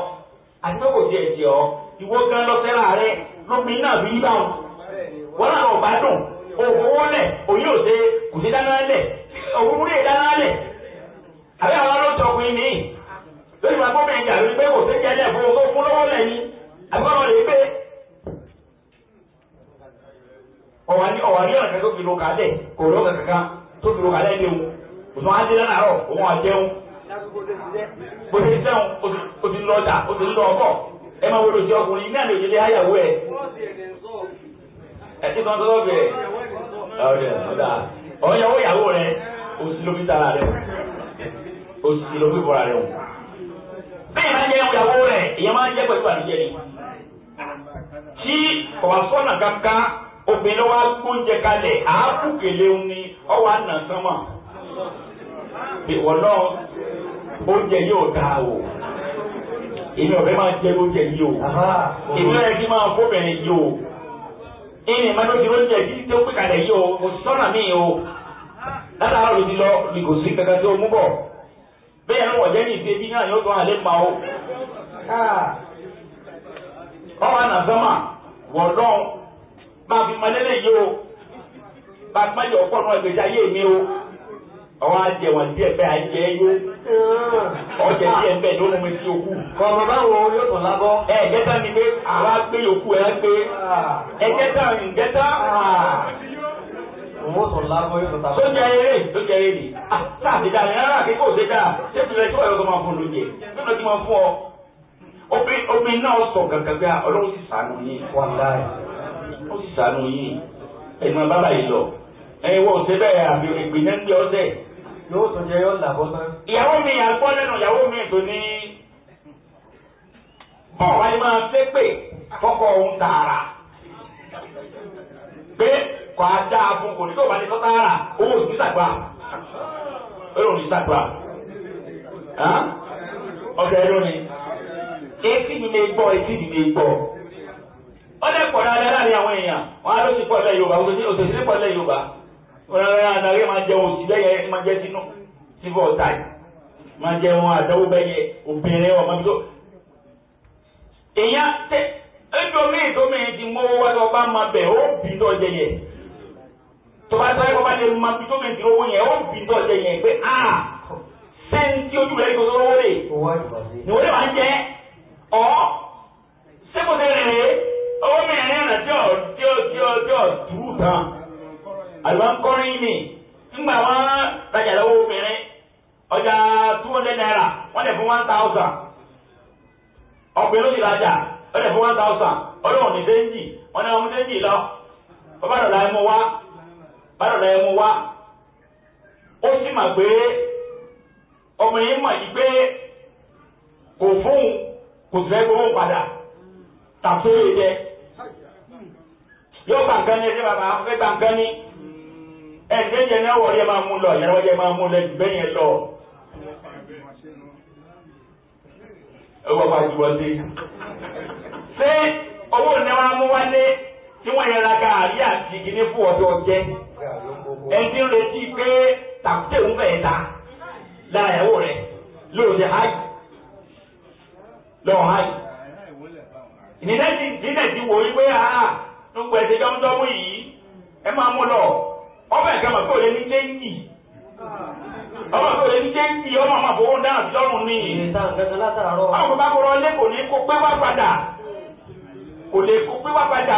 àti pé kò jẹ́ jẹ́ ọ ìwọ gan lọ fẹ́ràn rẹ lómi náà bí yíbá wọn wọn náà ọba dùn òfowó lẹ̀ òyìn òde kò sí dáná lẹ̀ òwúrú yẹ dáná lẹ̀ àbí àwọn olóòtọ́kùn ní lórí ìgbà gómìnà ìjà lórí pé kò sí jẹ́ lẹ̀ fún owó ni àbí wọn lè ọ̀wárí ọ̀nà kan tó fi ro dẹ kò rọ́ kankan tó fi ro kàálẹ̀ léwu òsùn á dé lánàárọ̀ òun àjẹun bó ṣe jẹun ó ti lọ ọkọ̀ ẹ máa wọlé òjò ọkùnrin ẹ ìyàwó rẹ òsì tara rẹ òsì rẹ o. máa ń ìyàwó ìyẹn máa ń ni. tí kankan obìnrin wa gbóúnjẹ kalẹ̀ àápù kèlè ń ní ọwọ́ àná sánmọ̀ ìwọ náà oúnjẹ yóò dáa o èmi ọ̀bẹ máa jẹ oúnjẹ yìí o èmi náà yẹ kí máa fóbìnrin yìí o ìní ìmọ̀tò ti oúnjẹ yìí tó pè kalẹ̀ yìí o kò sọ́nà mí o látara lòdì lọ ni kò sí kankan tí o mú bọ̀ bẹ́ẹ̀ ni wọ̀jẹ́ ní ìṣe bí náà yóò tó àlẹ́ pa o ọmọ ah. àná sánmọ̀ wọ̀ lọ́hùn. bá a fi mọ lẹ́lẹ̀ o bá a fi májẹ̀ ọ̀pọ̀ náà gbèsè ayé mi o ọwọ́ àjẹ wọn díẹ̀ bẹ́ẹ̀ àjẹ yó ah. ọjẹ díẹ̀ bẹ́ẹ̀ ló mú sí okú. kọ̀ọ̀mọ̀ báwo yóò tún lábọ́. ẹ gẹ́tà ni pé àwa gbé yòókù ẹ gbé ah. ẹ gẹ́tà gẹ́tà. Ah. lábọ́ yóò lábọ́. sójà eré sójà eré ni tí yọ wọ́n fún ọ. ó sì sa yìí ẹ̀gbọ́n bàbá yìí lọ ẹ̀wọ̀ òsè bẹ́ẹ̀ náà ń gbé yóò jẹ yóò ìyàwó mi àgbọ́ lẹ́nu ìyàwó mi tó ní bọ́ọ̀ wáyé máa fẹ́ pè fọ́kọ òun tààrà pé kò á dá a fún kò ní o bá ní tọ́ tààrà owó sàgbà ẹ̀rọ sàgbà ẹ̀rọ ni etí mi lè gbọ́ mi ọ̀dẹ̀ pọ̀ dáadáa láàrin àwọn èèyàn wọn á ló sì pọ̀ lẹ́ yorùbá òṣèṣì ní pọ̀ lẹ́ yorùbá wọn rárá adarí máa jẹun òsì bẹ́yẹ máa jẹ sínú sífọ̀ ọ̀tá yìí máa jẹun àdáwó bẹ́yẹ obìnrin ọmọ bí tó. èèyàn tẹ ẹjọ́ mi tó mi ti mú owó wá tó bá máa bẹ̀ ó bì tó jẹ yẹ tó bá sáré kó bá lè máa bí tó mi ti owó yẹn ó bì tó jẹ yẹ pé a ṣé ń tí ojú rẹ̀ kò tó lówó rè ìwọ́n lè máa jẹ ọ́ ṣé kò tẹ́ rẹ̀ rẹ̀ ó mẹ́rin ọ̀nà tí ọ̀ tí ọ̀ tí ọ̀ tí ọ̀ túrú tán àlùbọ́ ń kọrin mi ńgbà wọn rajà lọ́wọ́ obìnrin ọjà two hundred naira wọ́n lè fún one thousand ọ̀pẹ ló ti rajà wọ́n lè fún one thousand ọlọ́run ní déńjì wọ́n ní ọmọ déńjì lọ bàbá dọ̀la ẹ mú wá bàbá dọ̀la ẹ mú wá ó sì mà pé ọmọ yìí mọ̀ yìí pé kò fóun kò sì fẹ́ gbowó padà tàbí tó lè jẹ yóò gbà nǹkan ní ẹsẹ̀ bàbá afẹ́ gbà nǹkan ní ẹ̀sẹ̀ yẹn náà wọ̀ọ́yẹ máa mú lọ ìyàwó yẹn máa mú lọ jù bẹ́ẹ̀ yẹn lọ. ọwọ́ bá ju wọlé. ṣé owó ní wọn mú wálé tí wọ́n yẹn ra gàárì àti gíní fún ọ̀dọ́ jẹ́ ẹni tí retí pé tàkùtẹ̀ ń bẹ̀ẹ́ ta lára ìyàwó rẹ̀ lóòdì háì lọ́ọ̀ háì. ìnìyàn ti dínà ti wò ó àá. ń gbẹ ṣe jọmjọmú yìí ẹ máa mú lọ ọ bụ mọ̀ pé òye ní kéńtì ọmọ pé òye ní kéńtì ọmọ ọmọ àbówó dáhà sí ni. kò ní kó pé wá padà kò lè kó pé wá padà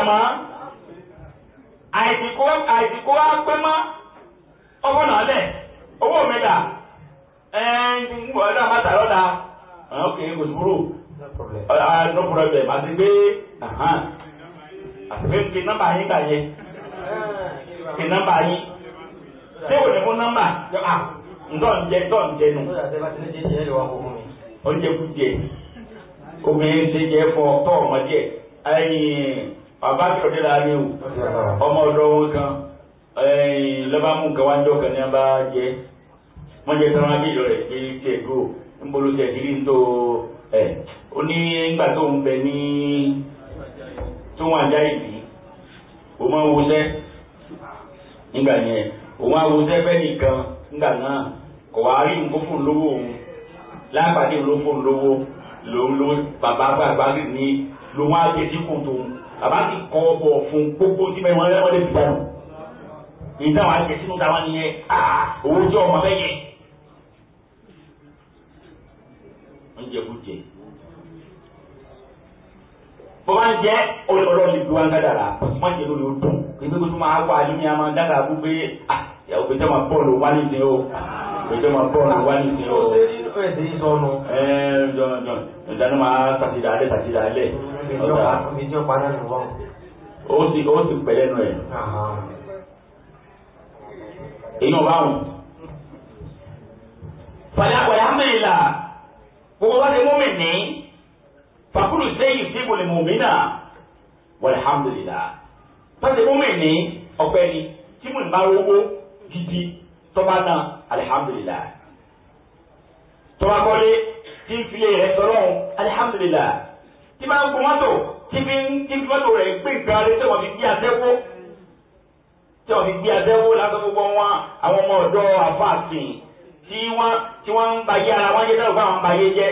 wá pé owó mi àbẹ̀wò pe nọ́mbà yín gbà yẹn pe nọ́mbà yín ṣé wò ní fún nọ́mbà à ntọ́njẹ ntọ́njẹ nù. oúnjẹ kú jẹ obìnrin ṣe jẹ fọ tọ́ ọmọ jẹ ẹyin bàbá tí ọdẹ la ní o ọmọ ọ̀dọ̀ kan ẹyin lọba mú nǹkan wá ń jọ kan ní abá jẹ wọn jẹ sọ̀rọ̀ ajé ìjọ rẹ pé tiẹ̀ dúró bolo tiẹ̀ kiri ń tó ẹ ó ní ìgbà tó ń bẹ ní tó wọn àjá ìsì ó máa ń wọṣẹ́ nígbà yẹn òun á wọṣẹ́ fẹ́ nìkan nígbà náà kò wá rí nǹkan fún lówó òun lápàdé ló fún lówó lòun ló bàbá bàbá rí ní lòun á tẹ̀sí kù tó bàbá ti kọ́ ọ̀pọ̀ fún gbogbo tí mẹ́rin wọn lẹ́wọ́n lè fi dànù ìdá wa jẹ sínú táwọn nìyẹn owó jẹ ọmọ bẹ́ẹ̀ yẹn. wọ́n jẹ kú jẹ bó bá ń jẹ́ ọlọ́ọ̀lì bí wọ́n ń gádàrà má jẹ́ lórí o dùn ibi tó máa wà ní mi àmọ́ dára bú pé àwọn o tó máa bọ́ọ̀lù wá ní ìsìn o òbí tó máa bọ́ọ̀lù wá ní ìsìn o. ó ṣe é sọnù. ẹ ẹ jọ̀nà jọ̀nà ìdáná máa tàtìdà alẹ́ tàtìdà alẹ́. ó sì ó sì pẹ̀lẹ́ nù ẹ̀. èyí ò bá wù. fàlẹ́ àpẹẹrẹ àmì ìlà gbogbo wa ti mú mi ní fàkúrú sẹ́yìn síbò lè mùmínà walhamdulillah pàṣẹ mọ́mọ́ ní ọ̀pẹ ni tí mo bá rówó gidi tọ́ba náà alhamdulillah tọ́ba kọ́lé tí ń filé rẹ̀ sọ́lọ́hún alhamdulillah tí máa ń gun mọ́tò tí fi ń tí fi mọ́tò rẹ̀ gbé nǹkan rẹ̀ tí wọ́n fi gbé àtẹ́wó tí wọ́n fi gbé àtẹ́wó lásán gbogbo wọn àwọn ọmọ ọ̀dọ́ àfáàsìn tí wọ́n tí wọ́n ń bayé ara wọn jẹ́ dáhùn fún àwọn bayé jẹ́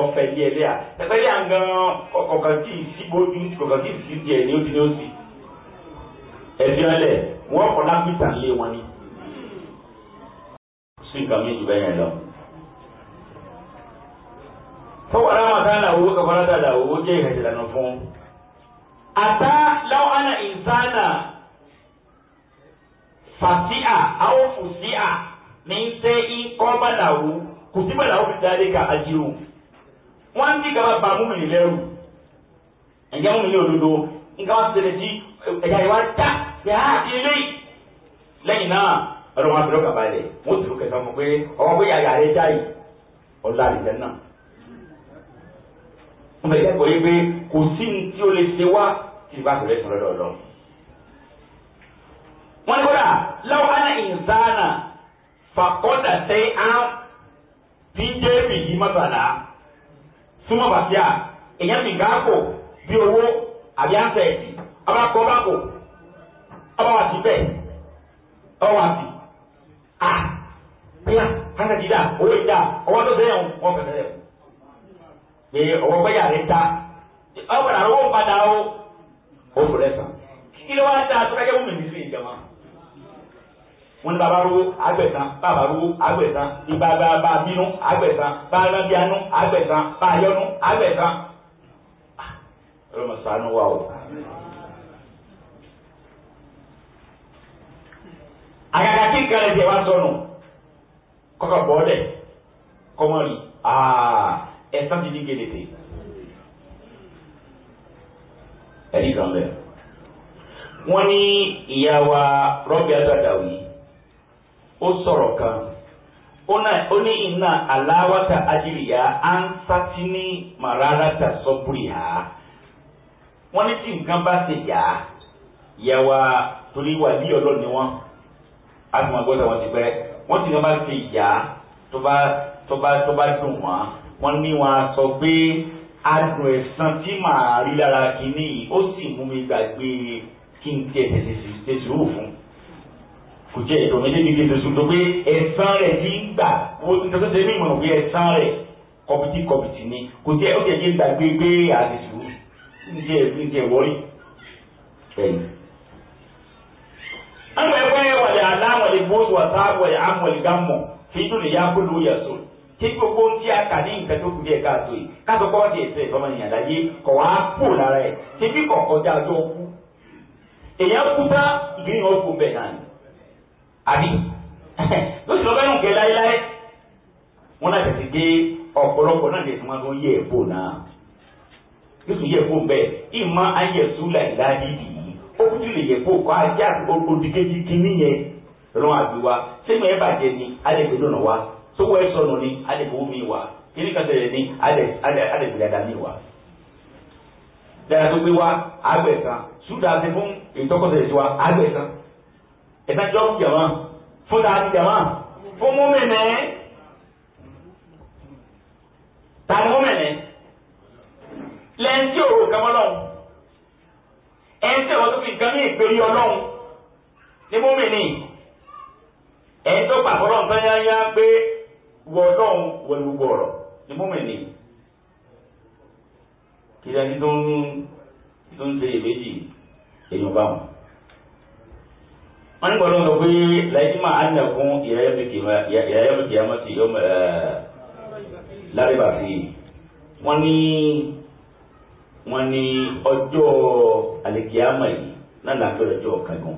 ọfẹ díẹ̀ lẹà ẹgbẹ yà ń gan kọkàn tí ì sí gbójú kọkàn tí ì sí díẹ̀ ní ó ti ní ó sì ẹbí ọlẹ wọn kọ lápítà lé wọn ni sí nǹkan mi jù bẹ́yẹn lọ. fọwọ́ alámọ̀tá làwọ̀ kọfọ́nàtà làwọ̀ jẹ́ ìhẹ̀jẹ̀ lànà fún. àtá láwọn àna ìsánà fàtíà àwọn fòsíà ní sẹ́yìn kọ́ bàdàwọ̀ kò sí bàdàwọ̀ fi dáadé ka ajíhùn wọ́n ń dìgbà máa bàmú mi lẹ́rù ẹ̀jẹ̀ mú mi ní òdodo nǹkan wọ́n ti tẹ̀lé sí ẹ̀jẹ̀ àyẹ̀wò ajá yà á di ah, eléyìí lẹ́yìn náà ọ̀rọ̀ wọn abẹ́rẹ́ bàbá rẹ̀ wọ́n ti lókè sọ́mu pé ọmọ pé yàyà rẹ̀ já yìí ọ̀la àlìjẹ́ náà wọ́n bẹ̀rẹ̀ kẹ́kọ̀ọ́ yé pé kò sí ní tí o lè ṣe wá tí ìbá sọ̀rọ̀ ẹ̀sìn lọ́dọ̀ ọ̀lọ́ wọ́n ní kódà lọ́wọ́ ana ìnsáná fàkọ́dà súnmọ́ bàtíà èèyàn sì gá kò bí owó àbí àǹtẹ̀ẹ̀tì ọba kọ ọba kò ọba wà sí bẹ́ẹ̀ ọba wà sí à bíyà àǹtẹ̀ẹ̀tì dà owó ìdá ọwọ́ tó sẹ́yìn wọn bẹ̀rẹ̀ rẹ̀ pé ọwọ́ gbẹ́yà rẹ̀ ta ọ̀pọ̀lọpọ̀ owó padà ó ó fò rẹ̀ sàn kí ló wá dáa tó kẹ́kẹ́ wọ́n mi ní ìjọba wọ́n ní bàbá rówó àgbẹ̀tàn bàbá rówó àgbẹ̀tàn ìbá bá bá bínú àgbẹ̀tàn bá rábíanú àgbẹ̀tàn bá yọnú àgbẹ̀tàn. Ah, ọlọ́mọ ṣàánú wa o. àgàgà kí nǹkan rẹ̀ jẹ́ wá sọnù kọ́kọ́ bọ́ dẹ̀ kọ́mọ́rì ah, ẹ̀sán ti ní gèdètè. ẹ̀rí kan bẹ́ẹ̀ wọ́n ní ìyá wa rọ́bì àgbàdàwì ó sọ̀rọ̀ kan ó ní iná aláwátà ajíríyá á ń sátí ní màrárátà sọ́bùrìyá wọ́n ní tí nǹkan bá ṣe yá yà wá torí wà ní ọlọ́run ni wọ́n á ti máa gbọ́dọ̀ wọn ti pẹ́ wọ́n ti ní wọ́n bá ṣe yá tó tó bá dùn wọ́n wọ́n ní wọ́n á sọ pé adùn ẹ̀sán tí màá rí lára kínní yìí ó sì mú mi gbàgbé kí n tiẹ̀ tẹ̀sí sùúrù fún kò jẹ́ ìtọ̀ méjèèjì kí n lè sùn tó pé ẹ̀sán rẹ̀ ti ń gbà wọ́n ti tẹ́tẹ́ tẹ́lẹ̀ ìmọ̀ràn pé ẹ̀sán rẹ̀ kọ̀pìtì kọ̀pìtì ni kò jẹ́ ó jẹ́ kí n gbàgbé pé àdìsù ń jẹ́ ń jẹ́ wọ́rí. àwọn ẹ̀kọ́ yẹn wà lè aláwọ̀ lè bó wà sáwọ̀ lè amọ̀ lè gámọ̀ fi inú lè yá kó ló yà sọ kí gbogbo ń tí a kà ní nǹkan tó kù díẹ̀ káàtó yìí káàtó kọ́ ti ẹ̀sẹ̀ ìfọmọ ènìyàn láyé kọ̀ wá pò lára ẹ̀ ṣe bí kọ̀ọ̀kan jẹ́ àjọ kú èèyàn kú tá ìgbìyànjú ọkùnrin náà ni àbí ló sì lọ bẹ́ẹ̀ nù kẹ́ láéláé wọn láti ti gé ọ̀pọ̀lọpọ̀ náà lè tún wọn tó yẹ ẹ̀fọ́ náà yóò tún yẹ ẹ̀fọ́ bẹ́ẹ̀ ìmọ̀ ayẹ̀sù làìláàdì yìí ó kú tún lè yẹ ẹ̀fọ́ kọ́ ajá odikeji kínní yẹn rán àbí wa sẹ́mi ẹ̀ bàjẹ́ ni alẹ́gbẹ̀ẹ́ lọ́nà wa sówó ẹ̀ sọnù ni alẹ́gbẹ̀ẹ́ omi wa kíní kan tẹ̀lé ni alẹ́gbẹ̀ẹ́ dáadáa mi wa dáadáa tó gbé wa àgbẹ̀ kan sùdà àti fún ìtọ́kọ̀tẹ̀lẹ̀ tiwa àgbẹ̀ kan ìdájọ́ jẹ̀mọ́ fún dáadé jẹ̀mọ́ fún múmẹ̀nẹ́ tàbí múmẹ̀nẹ́ lẹ́yìn tí òru kan ọlọ́run ẹ̀yìn tí òru tó fi gan ní ìpèrí ọlọ́run ní múmẹ̀nì ẹ̀yìn tó pàpọ̀ lọ́run tán yáyá pé wọ ọlọ́run wọ ní ọ̀rọ̀ ní múmẹ̀nì kí lẹ́yìn tó ń ṣe ìbejì èèyàn bá wọn wọ́n ní gbọ́dọ̀ sọ pé lẹ́yìnmá anakun yàyàmù kìyàmù ti yọmọ lárẹ́bà fi wọ́n ní wọ́n ní ọjọ́ àlẹ́kìyàmù yìí náà lápẹ́ ọjọ́ kankan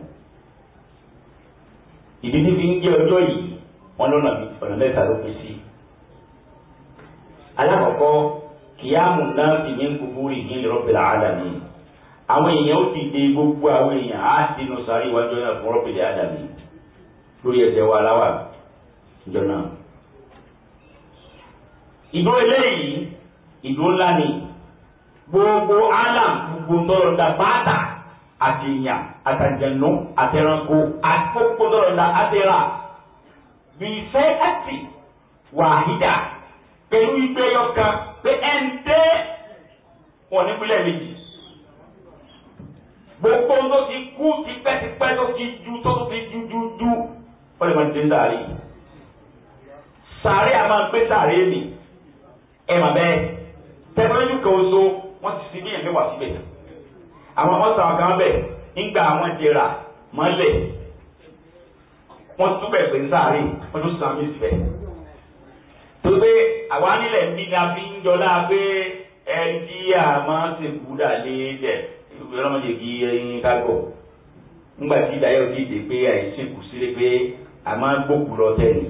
ìdí tí fi ń jẹ́ ọjọ́ yìí wọ́n lọ́nà ọ̀nà mẹ́ta ló pín sí alákọ̀ọ́kọ́ kìyàmù náà fi ní gbogbo ìgbìyànjú rọ́bìlà àdàmì yìí àwọn èèyàn ó ti de gbogbo àwọn èèyàn á sínú sáré iwájú náà fún rọ́pìlì àdàbí lórí ẹsẹ̀ wa aláwà jọ náà. ìdúró eléyìí ìdúró ńlá ni gbogbo alam gbogbo ńlọrọ̀ dá bàtà àti èèyàn àtàjẹnú àtẹranko àti gbogbo ńlọrọ̀ dá àtẹrà bí ìfẹ́ àti wàhídà pẹ̀lú ìgbẹ́yọ̀ kan pé ẹ̀ ń dé wọn ní méjì gbogbo tó ti kú tipẹ́tipẹ́ tó ti ju tó ti ju ju ju wọ́n lè máa ti ń sàárè sàárè a máa gbé sàárè mi ẹ̀ mà bẹ́ẹ̀ tẹ́fọ́njú kan oṣù wọ́n ti sin bíyẹn mẹ́wàá síbẹ̀ àwọn ọ̀sán kan bẹ̀ nígbà àwọn jẹrà mọ́lẹ̀ wọ́n tún pé sáré wọ́n tún sàmì síbẹ̀. tó pé àwa nílẹ̀ ń bí ni a fi ń jọlá pé ẹni tí a máa ń dà lé dẹ̀ ọlọ́mọdé kí ẹyin kágọ̀ ńgbà tí ìdáyà òdì dé pé àìsàn kù sílé pé a máa ń gbókù lọ tẹ́lẹ̀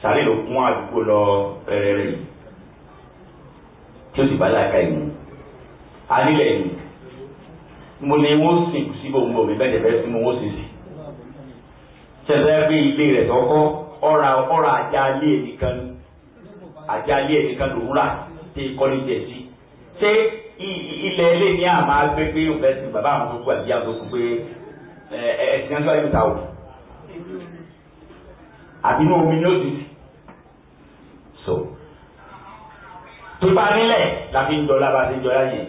sáré ló kún àdúgbò lọ rẹ̀rẹ̀rẹ̀ tí ó sì bá láàka ìmú anílẹ̀ ìmú mo ní wọ́n sìn kù síbò ń bò mí bẹ́ẹ̀ bẹ́ẹ̀ sí mo wọ́n sì sí tẹ̀sán pé ilé rẹ̀ tọ́kọ́ ọ̀rà ọ̀rà ajá alé ẹnìkan ajá alé ẹnìkan lòún rà tẹ́ ìkọ́ni jẹ̀ sí ṣé ilẹ̀ ilé ní àmà gbé pé ó fẹ́ sin bàbá àwọn tó kú àti ìyá tó kú pé ẹ̀sìn náà tó ayé ta o àbí inú omi ní òsì so tó bá nílẹ̀ la fi ń jọlá bá ti jọlá yẹn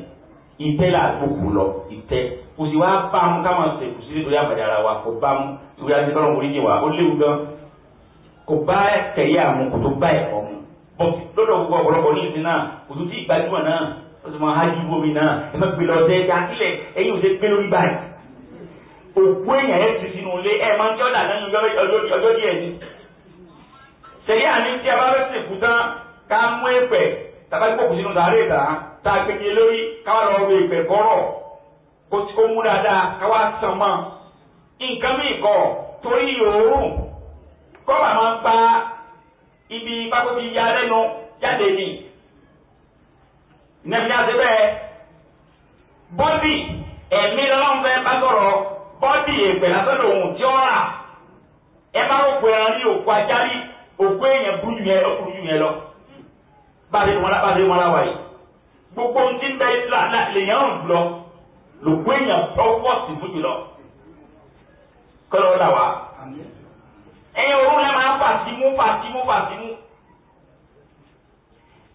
ìtẹ́ là gbòkú lọ ìtẹ́ kò sì wá bá mu káwọn ṣèkù sí nítorí àbàdà ara wa kò bá mu ìwé àti ìtọ́lọ́ kò ní jẹ wa ó léwu gan kò bá tẹ̀yẹ àwọn kò tó bá ẹ̀kọ́ mu bọ̀ lọ́dọ̀ gbogbo ọ̀pọ̀lọpọ̀ ní ìsìn náà kò tó tí ì náà ó sì máa hájú bómi náà ẹ má gbé lọ sí ẹja kílẹ̀ ẹ̀yin ò ṣe gbé lórí báyìí òkú èèyàn ẹ̀ ti sínú ilé ẹ̀ máa ń jọ́dà lẹ́nu ọjọ́ díẹ̀ ni tẹ̀lé àní tí a bá fẹ́ sìnkú tán ká mú èpè tàbá gbòkú sínú sàárè tà tá a gbèjì lórí káwá lọ wọ èpè kọ́rọ̀ kó tí kò mú dáadáa káwá sàn mọ́ nǹkan mí kọ̀ torí òórùn kọ́ba máa ń pa ibi pápá ya lẹ́nu nẹ́bí àti bẹ́ẹ̀ bọ́dì ẹ̀mí lọ́wọ́n fẹ́ bá sọ̀rọ̀ bọ́dì ègbè lásán lòun tí ó rà ẹ bá rò pé ẹran ní òkú ajá rí òkú èèyàn burú yẹn ọkùnrin jù yẹn lọ bá a lè wọn bá a lè wọn láwa yìí gbogbo ohun tí ń bẹ lèèyàn rùn lọ lòkú èèyàn ọwọ́ sí fún jùlọ kọ́lọ́ ọ̀dà wa ẹ̀yin òru lẹ́ máa fàtìmú fàtìmú fàtìmú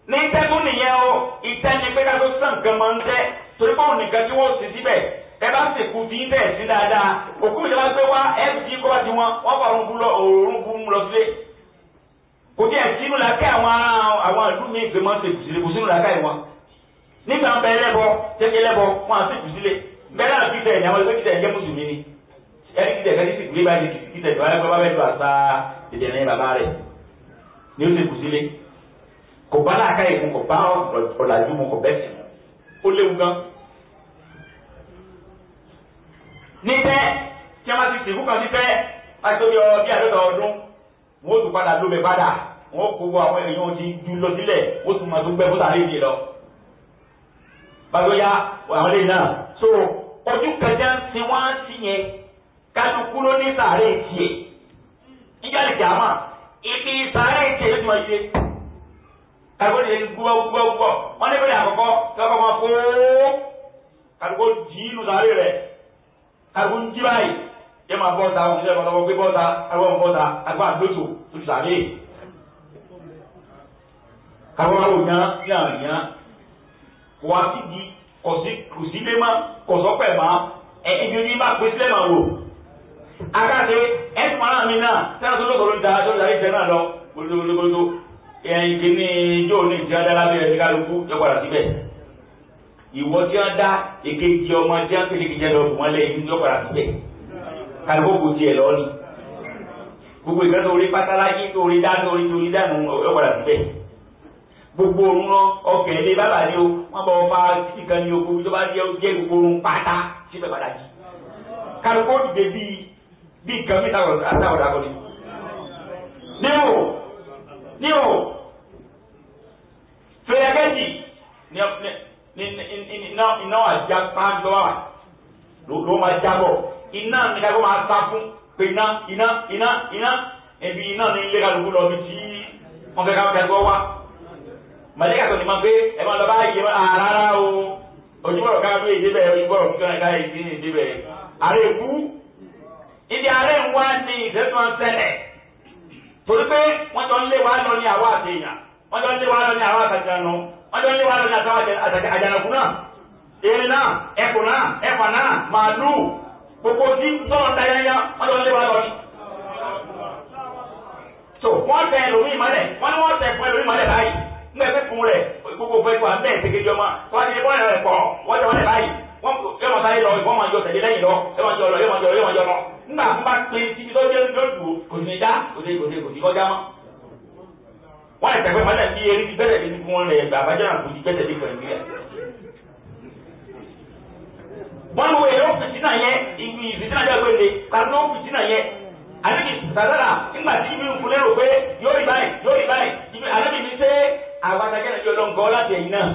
ní ìtẹ́gùn nìyẹn o ìtẹ́ ni pé ká tó sàn nǹkan máa ń tẹ́ torí pé òun nìkan tí wọ́n sì síbẹ̀ ẹ bá sì kú bí bẹ́ẹ̀ sí dáadáa òkú ìjọba gbé wá fg kó bá ti wọn wọ́n fọ òórùn bú lọ òórùn bú lọ sílé kò tí ẹ̀ sínú làákẹ́ àwọn àwọn ìlú mi ìgbé máa ń kò sínú làákẹ́ wọn nígbà ń bẹ lẹ́bọ tẹ́kẹ́ lẹ́bọ wọn àti tètè bẹ́ẹ̀ náà kìtẹ̀ ẹ̀ àwọn ni ẹni kìtẹ̀ ẹ̀ sì gbé báyìí kìtẹ̀ ìjọba bá bẹ́ẹ̀ lọ àṣà ìdẹ̀rẹ̀ ni ó tètè kò bá láàká ìmú kò bá ọ̀làjú mu kò bẹ́ẹ̀ sìn ó léwu gan. ní tẹ́ tí a máa ti sìnkú kan sí tẹ́ láti bí ọ bí àdọ́dọ̀ ọdún wọ́n tún padà lómi padà wọ́n kó gbogbo àwọn èèyàn ti ju lọ sílẹ̀ wọ́n tún máa tún gbẹ́ fúta léde lọ. bàbáyá àwọn lè náà so ojú kẹjẹ ń sin wọ́n sí yẹn kálukú ló ní sàárè tiẹ̀ ìjà lè jà mà ìfi sàárè tiẹ̀ ló ti máa yẹ kálukó de gbúgbọ́ gbúgbọ́ gbúgbọ́ wọ́n ní bẹ́ẹ̀ àkọ́kọ́ lọ́kọ́ máa fó kálukó jì í lùsàárì rẹ̀ kálukó ń jí báyìí yẹ máa bọ́ ta òun yẹ máa lọ́wọ́ gbé bọ́ ta kálukó ń bọ́ ta kálukó àdóso lùsàárì kálukó máa wò yán yán yán wà á sì di kọ̀sí kùsí lé má kọ̀sọ́pẹ̀ má ẹ̀ ẹ̀ ní bá pèsè lẹ́ máa wò akáde ẹ̀ tún máa náà mi náà sẹ́nà tó lóko ló ń da tó ń darí tẹ́ náà lọ gbólógbólógbólógbó ẹ̀yìn kìíní ijó ní ìdí ọ̀dá lábẹ́ ẹ̀mí kálukú yọ padà síbẹ̀ ìwọ tí wọ́n dá èkejì ọmọ tí wọ́n kéde kejì ẹ̀dọ̀ fún wọn lẹ́yìn yọ padà síbẹ̀ kálukú kò tiẹ̀ lọ ni gbogbo ìgbà tó rí pátáláyé tó rí dáná orí tó rí dànù yọ padà síbẹ̀ gbogbo orun lọ ọkẹ́ ilé bàbá ni o wọ́n bọ̀ fa títí kan ní o gbogbo tó bá jẹ́ gbogbo orun pátá síbẹ̀ padà jì kálukú dìde bíi bíi nǹkan mẹ́ta àtàwọn àgọ́ni. níwò níwò fèrè méjì iná àjà pa lọ́wọ́ ló máa jábọ̀ iná nígbà tó máa sá fún pé iná iná iná iná ẹbí iná ní ilé kálukú lọ bí tí wọ́n fẹ́ ká fẹ́ gbọ́ wá. màlẹ́kà tó ní ma pé ẹ máa lọ bá yẹ ah, rárá o ojúbọ̀rọ̀ ká bí èdè bẹ́ẹ̀ ojúbọ̀rọ̀ kíkan ká èdè bẹ́ẹ̀ àrẹ kú ibi ààrẹ ń wá ní ìdẹ́tùn ọ̀sẹ̀lẹ̀ torí pé wọ́n jọ ń lé wa lọ ní àwa àti èèyàn wọ́n jọ ń lé wa lọ ní àwọn àtàjánu wọ́n jọ ń lé wa lọ ní àtàwọn àjànàkú náà erin náà ẹkùn náà ẹfà náà màálù gbogbo tí tọ́lọ̀ ta yányá wọ́n jọ ń lé wa lọ ní. tó wọ́n tẹ ẹlòmí ìmọ̀lẹ̀ wọ́n ní wọ́n tẹ fún ẹlòmí ìmọ̀lẹ̀ báyìí nígbà pé fún rẹ̀ gbogbo fún ẹkùn àbẹ́ ìṣèkejì ọmọ tó wá ti bọ́ ẹ̀rọ ẹ̀kọ́ wọ́n jọ wọlé báyìí wọ́n yọmọ sáré lọ ìwọ́n máa yọ tẹ̀lé lẹ́yìn lọ yọmọ jọ lọ yọmọ jọ lọ yọmọ jọ lọ nígbà fún bá pé títí tó jẹ́ lọ́dún kò ní dá kò ní kò ní kò ní kọjá mọ́ wọ́n àti ẹgbẹ́ mọ́lẹ̀ bí eré ti bẹ̀rẹ̀ lébi fún ọ̀rẹ́ ẹgbẹ́ àbájára kò ti bẹ̀rẹ̀ lébi pẹ̀lú ìyá. wọ́n wo èrè òfìsí náà yẹ ibi ìfìsí náà dẹ́gbẹ́ le kàdúrà òfìsí náà yẹ àdébì sàdára ńgbà tí ibi ìfúnlẹ̀ rò pé yóò rí báyìí yóò rí báyìí ibi àdébì mi ṣe àgbàdàgẹ́rẹ́ yọ lọ gọ́ láti ẹ̀yìn náà.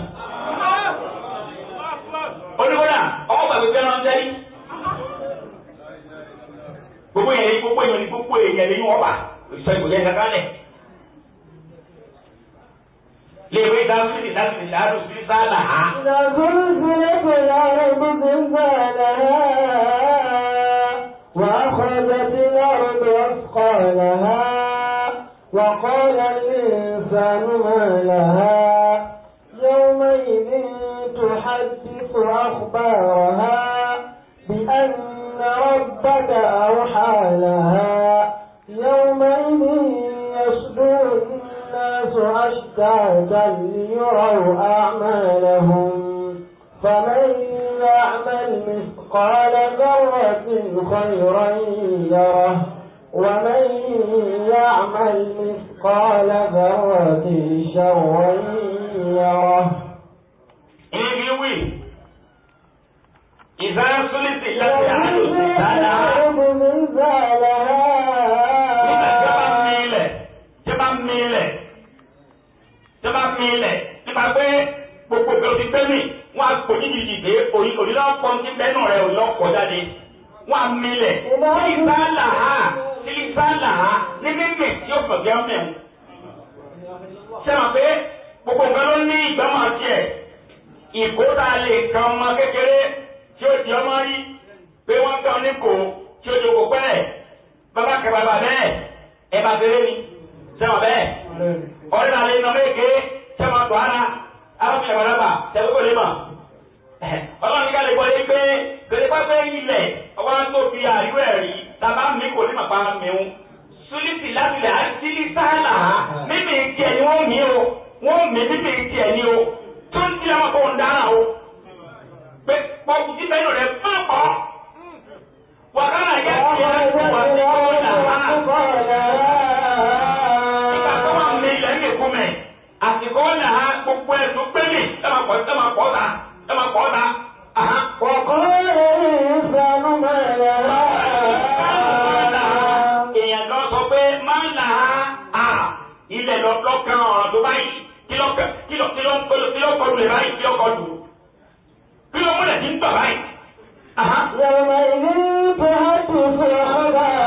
onígbọ́dà ọwọ́ gbàgbé gbogbo yẹn gbogbo yẹn gbogbo yẹn yẹn ni wọ́n bà ìsọ ìgbòkè kankan lẹ̀. léwé dáhùn dáhùn ìdáhùn sí sáàlà á. Ìdàgbọ́n sílẹ̀ pẹ̀lú ààrẹ gbogbo ń bá a dà á. Wà á kọ́ ẹgbẹ́ tí láàrọ̀ bí wọ́n kọ́ ẹ̀ là á. Wà á kọ́ ẹ̀ ní ìsànú mọ́ ẹ̀ là á. يومئذ تحدث أخبارها بأن ربك أوحى لها يومئذ يصدر أشتاتا ليروا أعمالهم فمن يعمل مثقال ذرة خيرا يره ومن يعمل مثقال ذرة شرا يره إذا سلت لك من المثال òní lọ́pọ̀ ní bẹ́nù rẹ̀ òní lọ́pọ̀ jáde wọ́n á milẹ̀ sílífà làá sílífà làá ní mímì tí ó fọ̀gẹ́ ọ̀mẹ̀ ń. sẹ́wọ̀n pé gbogbo nǹkan ló ní ìgbọ́mọ̀ tiẹ̀ ìkóta lè kan ọmọ kékeré tí ó di ọmọ rí pé wọ́n gbà ọ́ ní kò tí ó jókòó pẹ́rẹ́ bàbá kẹ bàbá bẹ́ẹ̀ ẹ bá fẹ́rẹ́ mi sẹ́wọ̀n bẹ́ẹ̀ ọ̀rẹ́ náà lè nọ méje tó ara arábìnrin àgbàlagbà tẹ̀wé kò lè mọ̀. ọlọ́run ní kálí gbọ́dé pé gbẹdẹ́gbàgbẹ́ ilẹ̀ ọwọ́ tóbi àríwá ẹ̀rí tàbá mi kò ní màpá mìíràn súlítì lábìlẹ̀ àjílí sáàlà mímì tiẹ̀ wọ́n mí o wọ́n mí mímì tiẹ̀ ni o tó ń tilẹ̀ wọn kó ń dára o pé tí bẹ́ẹ̀ rẹ̀ yẹ kí ẹ kó wà ha gbogbo ẹ̀dùn pọ̀ pọ̀ ẹ máa kọ́ ọ́ta. ọ̀kọ́ báyìí kí lọ́kọ̀ọ́dù lè báyìí kí lọ́kọ̀ọ́dù kí lọ́mọdé ti ń gbà báyìí. yàrá ìlú tó hàtì fún ọ̀gá.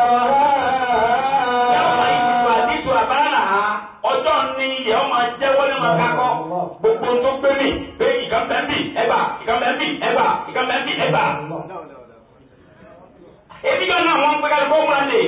é bi jɔn na mɔn kpɛkali bɔ kura de.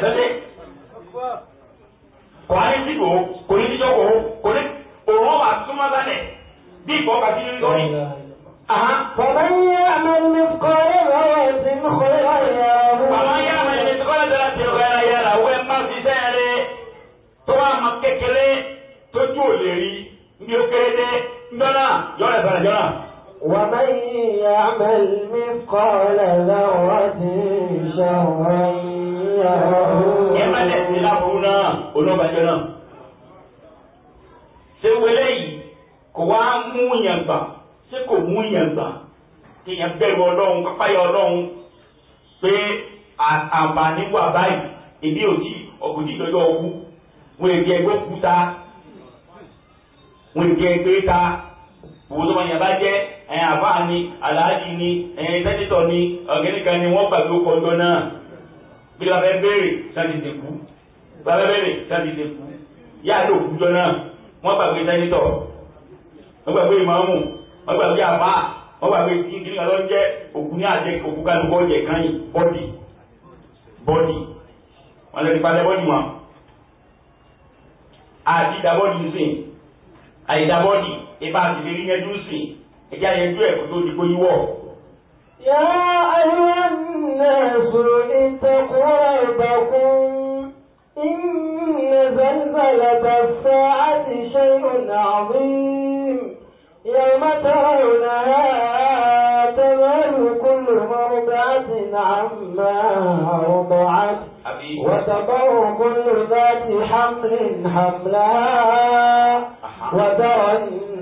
sẹ́sẹ̀ kò á ní síbò kò ní síjọ́kò kò ní òun ọba súnmọ́ sálẹ̀ bí ìbọn bá ti ní lórí. Bàbá yín àmọ́ mi kọ́ ẹ̀ lọ́wọ́ ẹ̀sìn mi kọ́ ẹ̀ lọ́wọ́ ẹ̀rọ. Bàbá yín àmọ́ ẹ̀sìn kọ́ ẹ̀ lọ́wọ́ ẹ̀rọ ẹ̀rọ yàrá wẹ́ má fi sẹ́yìn rẹ̀ tó bá mọ kékeré tójú ò lè rí ní ó kéré dé ńdọ́nà yọ̀ọ́ ẹ̀ bàrẹ̀ yọ̀ọ́ ومن يعمل مثقال ذرة شرا ẹ má tẹ̀sí láburú náà olóńgbàjọ náà. ṣé wẹlé yìí kò wá mú yàn gbà ṣé kò mú yàn gbà kéèyàn bẹ̀rù ọlọ́run kápáyà ọlọ́run pé àǹfààní wà báyìí ebi ò tí ọkùnrin tí ọkú wọn èké ẹgbẹ́ òkúta wọn èké ẹgbẹ́ ta òwò tó ma yàn bá jẹ́ ẹ̀yìn àfáà ni aláàjì ni ẹ̀yìn sẹ́títọ̀ ni ọ̀gẹ́nìkan ni wọ́n gbàgbé ọkọ̀ ọjọ́ náà bí wọ́n fẹ́ béèrè sáti ti kú bá fẹ́ béèrè sáti ti kú yá ló kú jọ náà wọ́n gbàgbé sẹ́nitọ̀ wọ́n gbàgbé ìmọ̀ọ́mù wọ́n gbàgbé àbá wọ́n gbàgbé kíkiri kan ló ń jẹ́ òkú ní àjẹ òkú kan lóko ọ̀jẹ̀ kan yìí bọ́dì bọ́dì wọ́n lè nípa lẹ́bọ́dì wọn àti ìdábọ́dì sìn àìdábọ́dì ìbá àti ìlérí yẹn dúró sìn ẹ̀jẹ̀ àyẹ̀dú ẹ̀ kó tó di kó yíwọ́. yàrá àyẹ̀wò الناس اتقوا ربكم إن زلزلة الساعة شيء عظيم يوم ترونها تذهل كل مرضعة عما أرضعت وتضع كل ذات حمل حملها وترى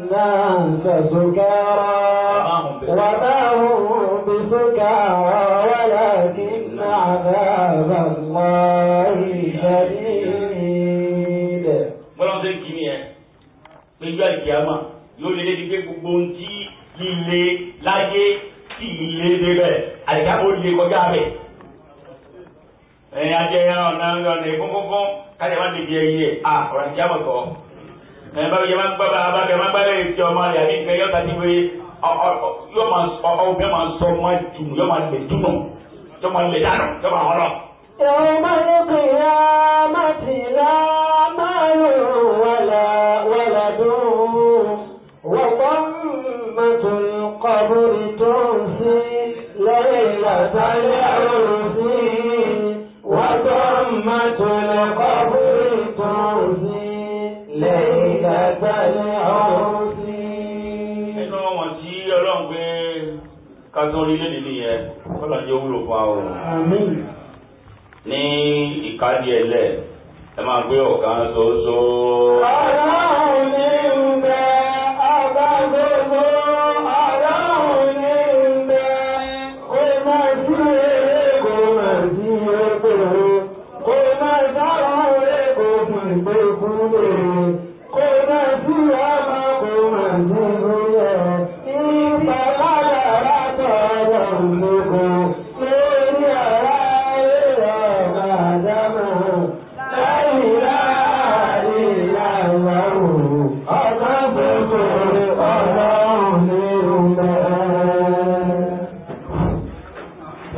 الناس سكارى وما هم بسكارى ولكن عذاب الله شديد bọ́lọ́n ṣe ń kí ni ẹ péjú àìkíyàmà yóò lé lébi pé gbogbo ohun tí líle láyé tí ìlé débẹ̀ àìkíyàmà ó lè kọjá bẹ̀ ẹ̀yin ajẹ́ ọ̀nà ọ̀nà ìfúnfúnfún káyọ̀ má dèbí ẹyẹ à ọ̀rọ̀ àìkíyàmà kọ́ ẹ bá yẹ máa gbá bá bá bẹ máa gbá lẹ́yìn tí ọmọ rẹ̀ àbí nǹkan yọta ti wé yọ máa sọ ọ bẹ máa sọ máa dùn yọ máa lè dùn yọ máa lè dànù yọ máa hàn náà. máa ń pè ya máa ti la máa lò wàlà wàlà dùn wọ́pọ̀ mọ̀tò kọ̀bùrì tó ń sí lẹ́yìn ìlàsálẹ̀. Nínú wọn tí ọlọ́run pé kátó orílẹ̀ nínú yẹn, kọ́lá jẹ́ wúlò fún àwọn. Ní ìkádìí ẹlẹ́, ẹ máa gbé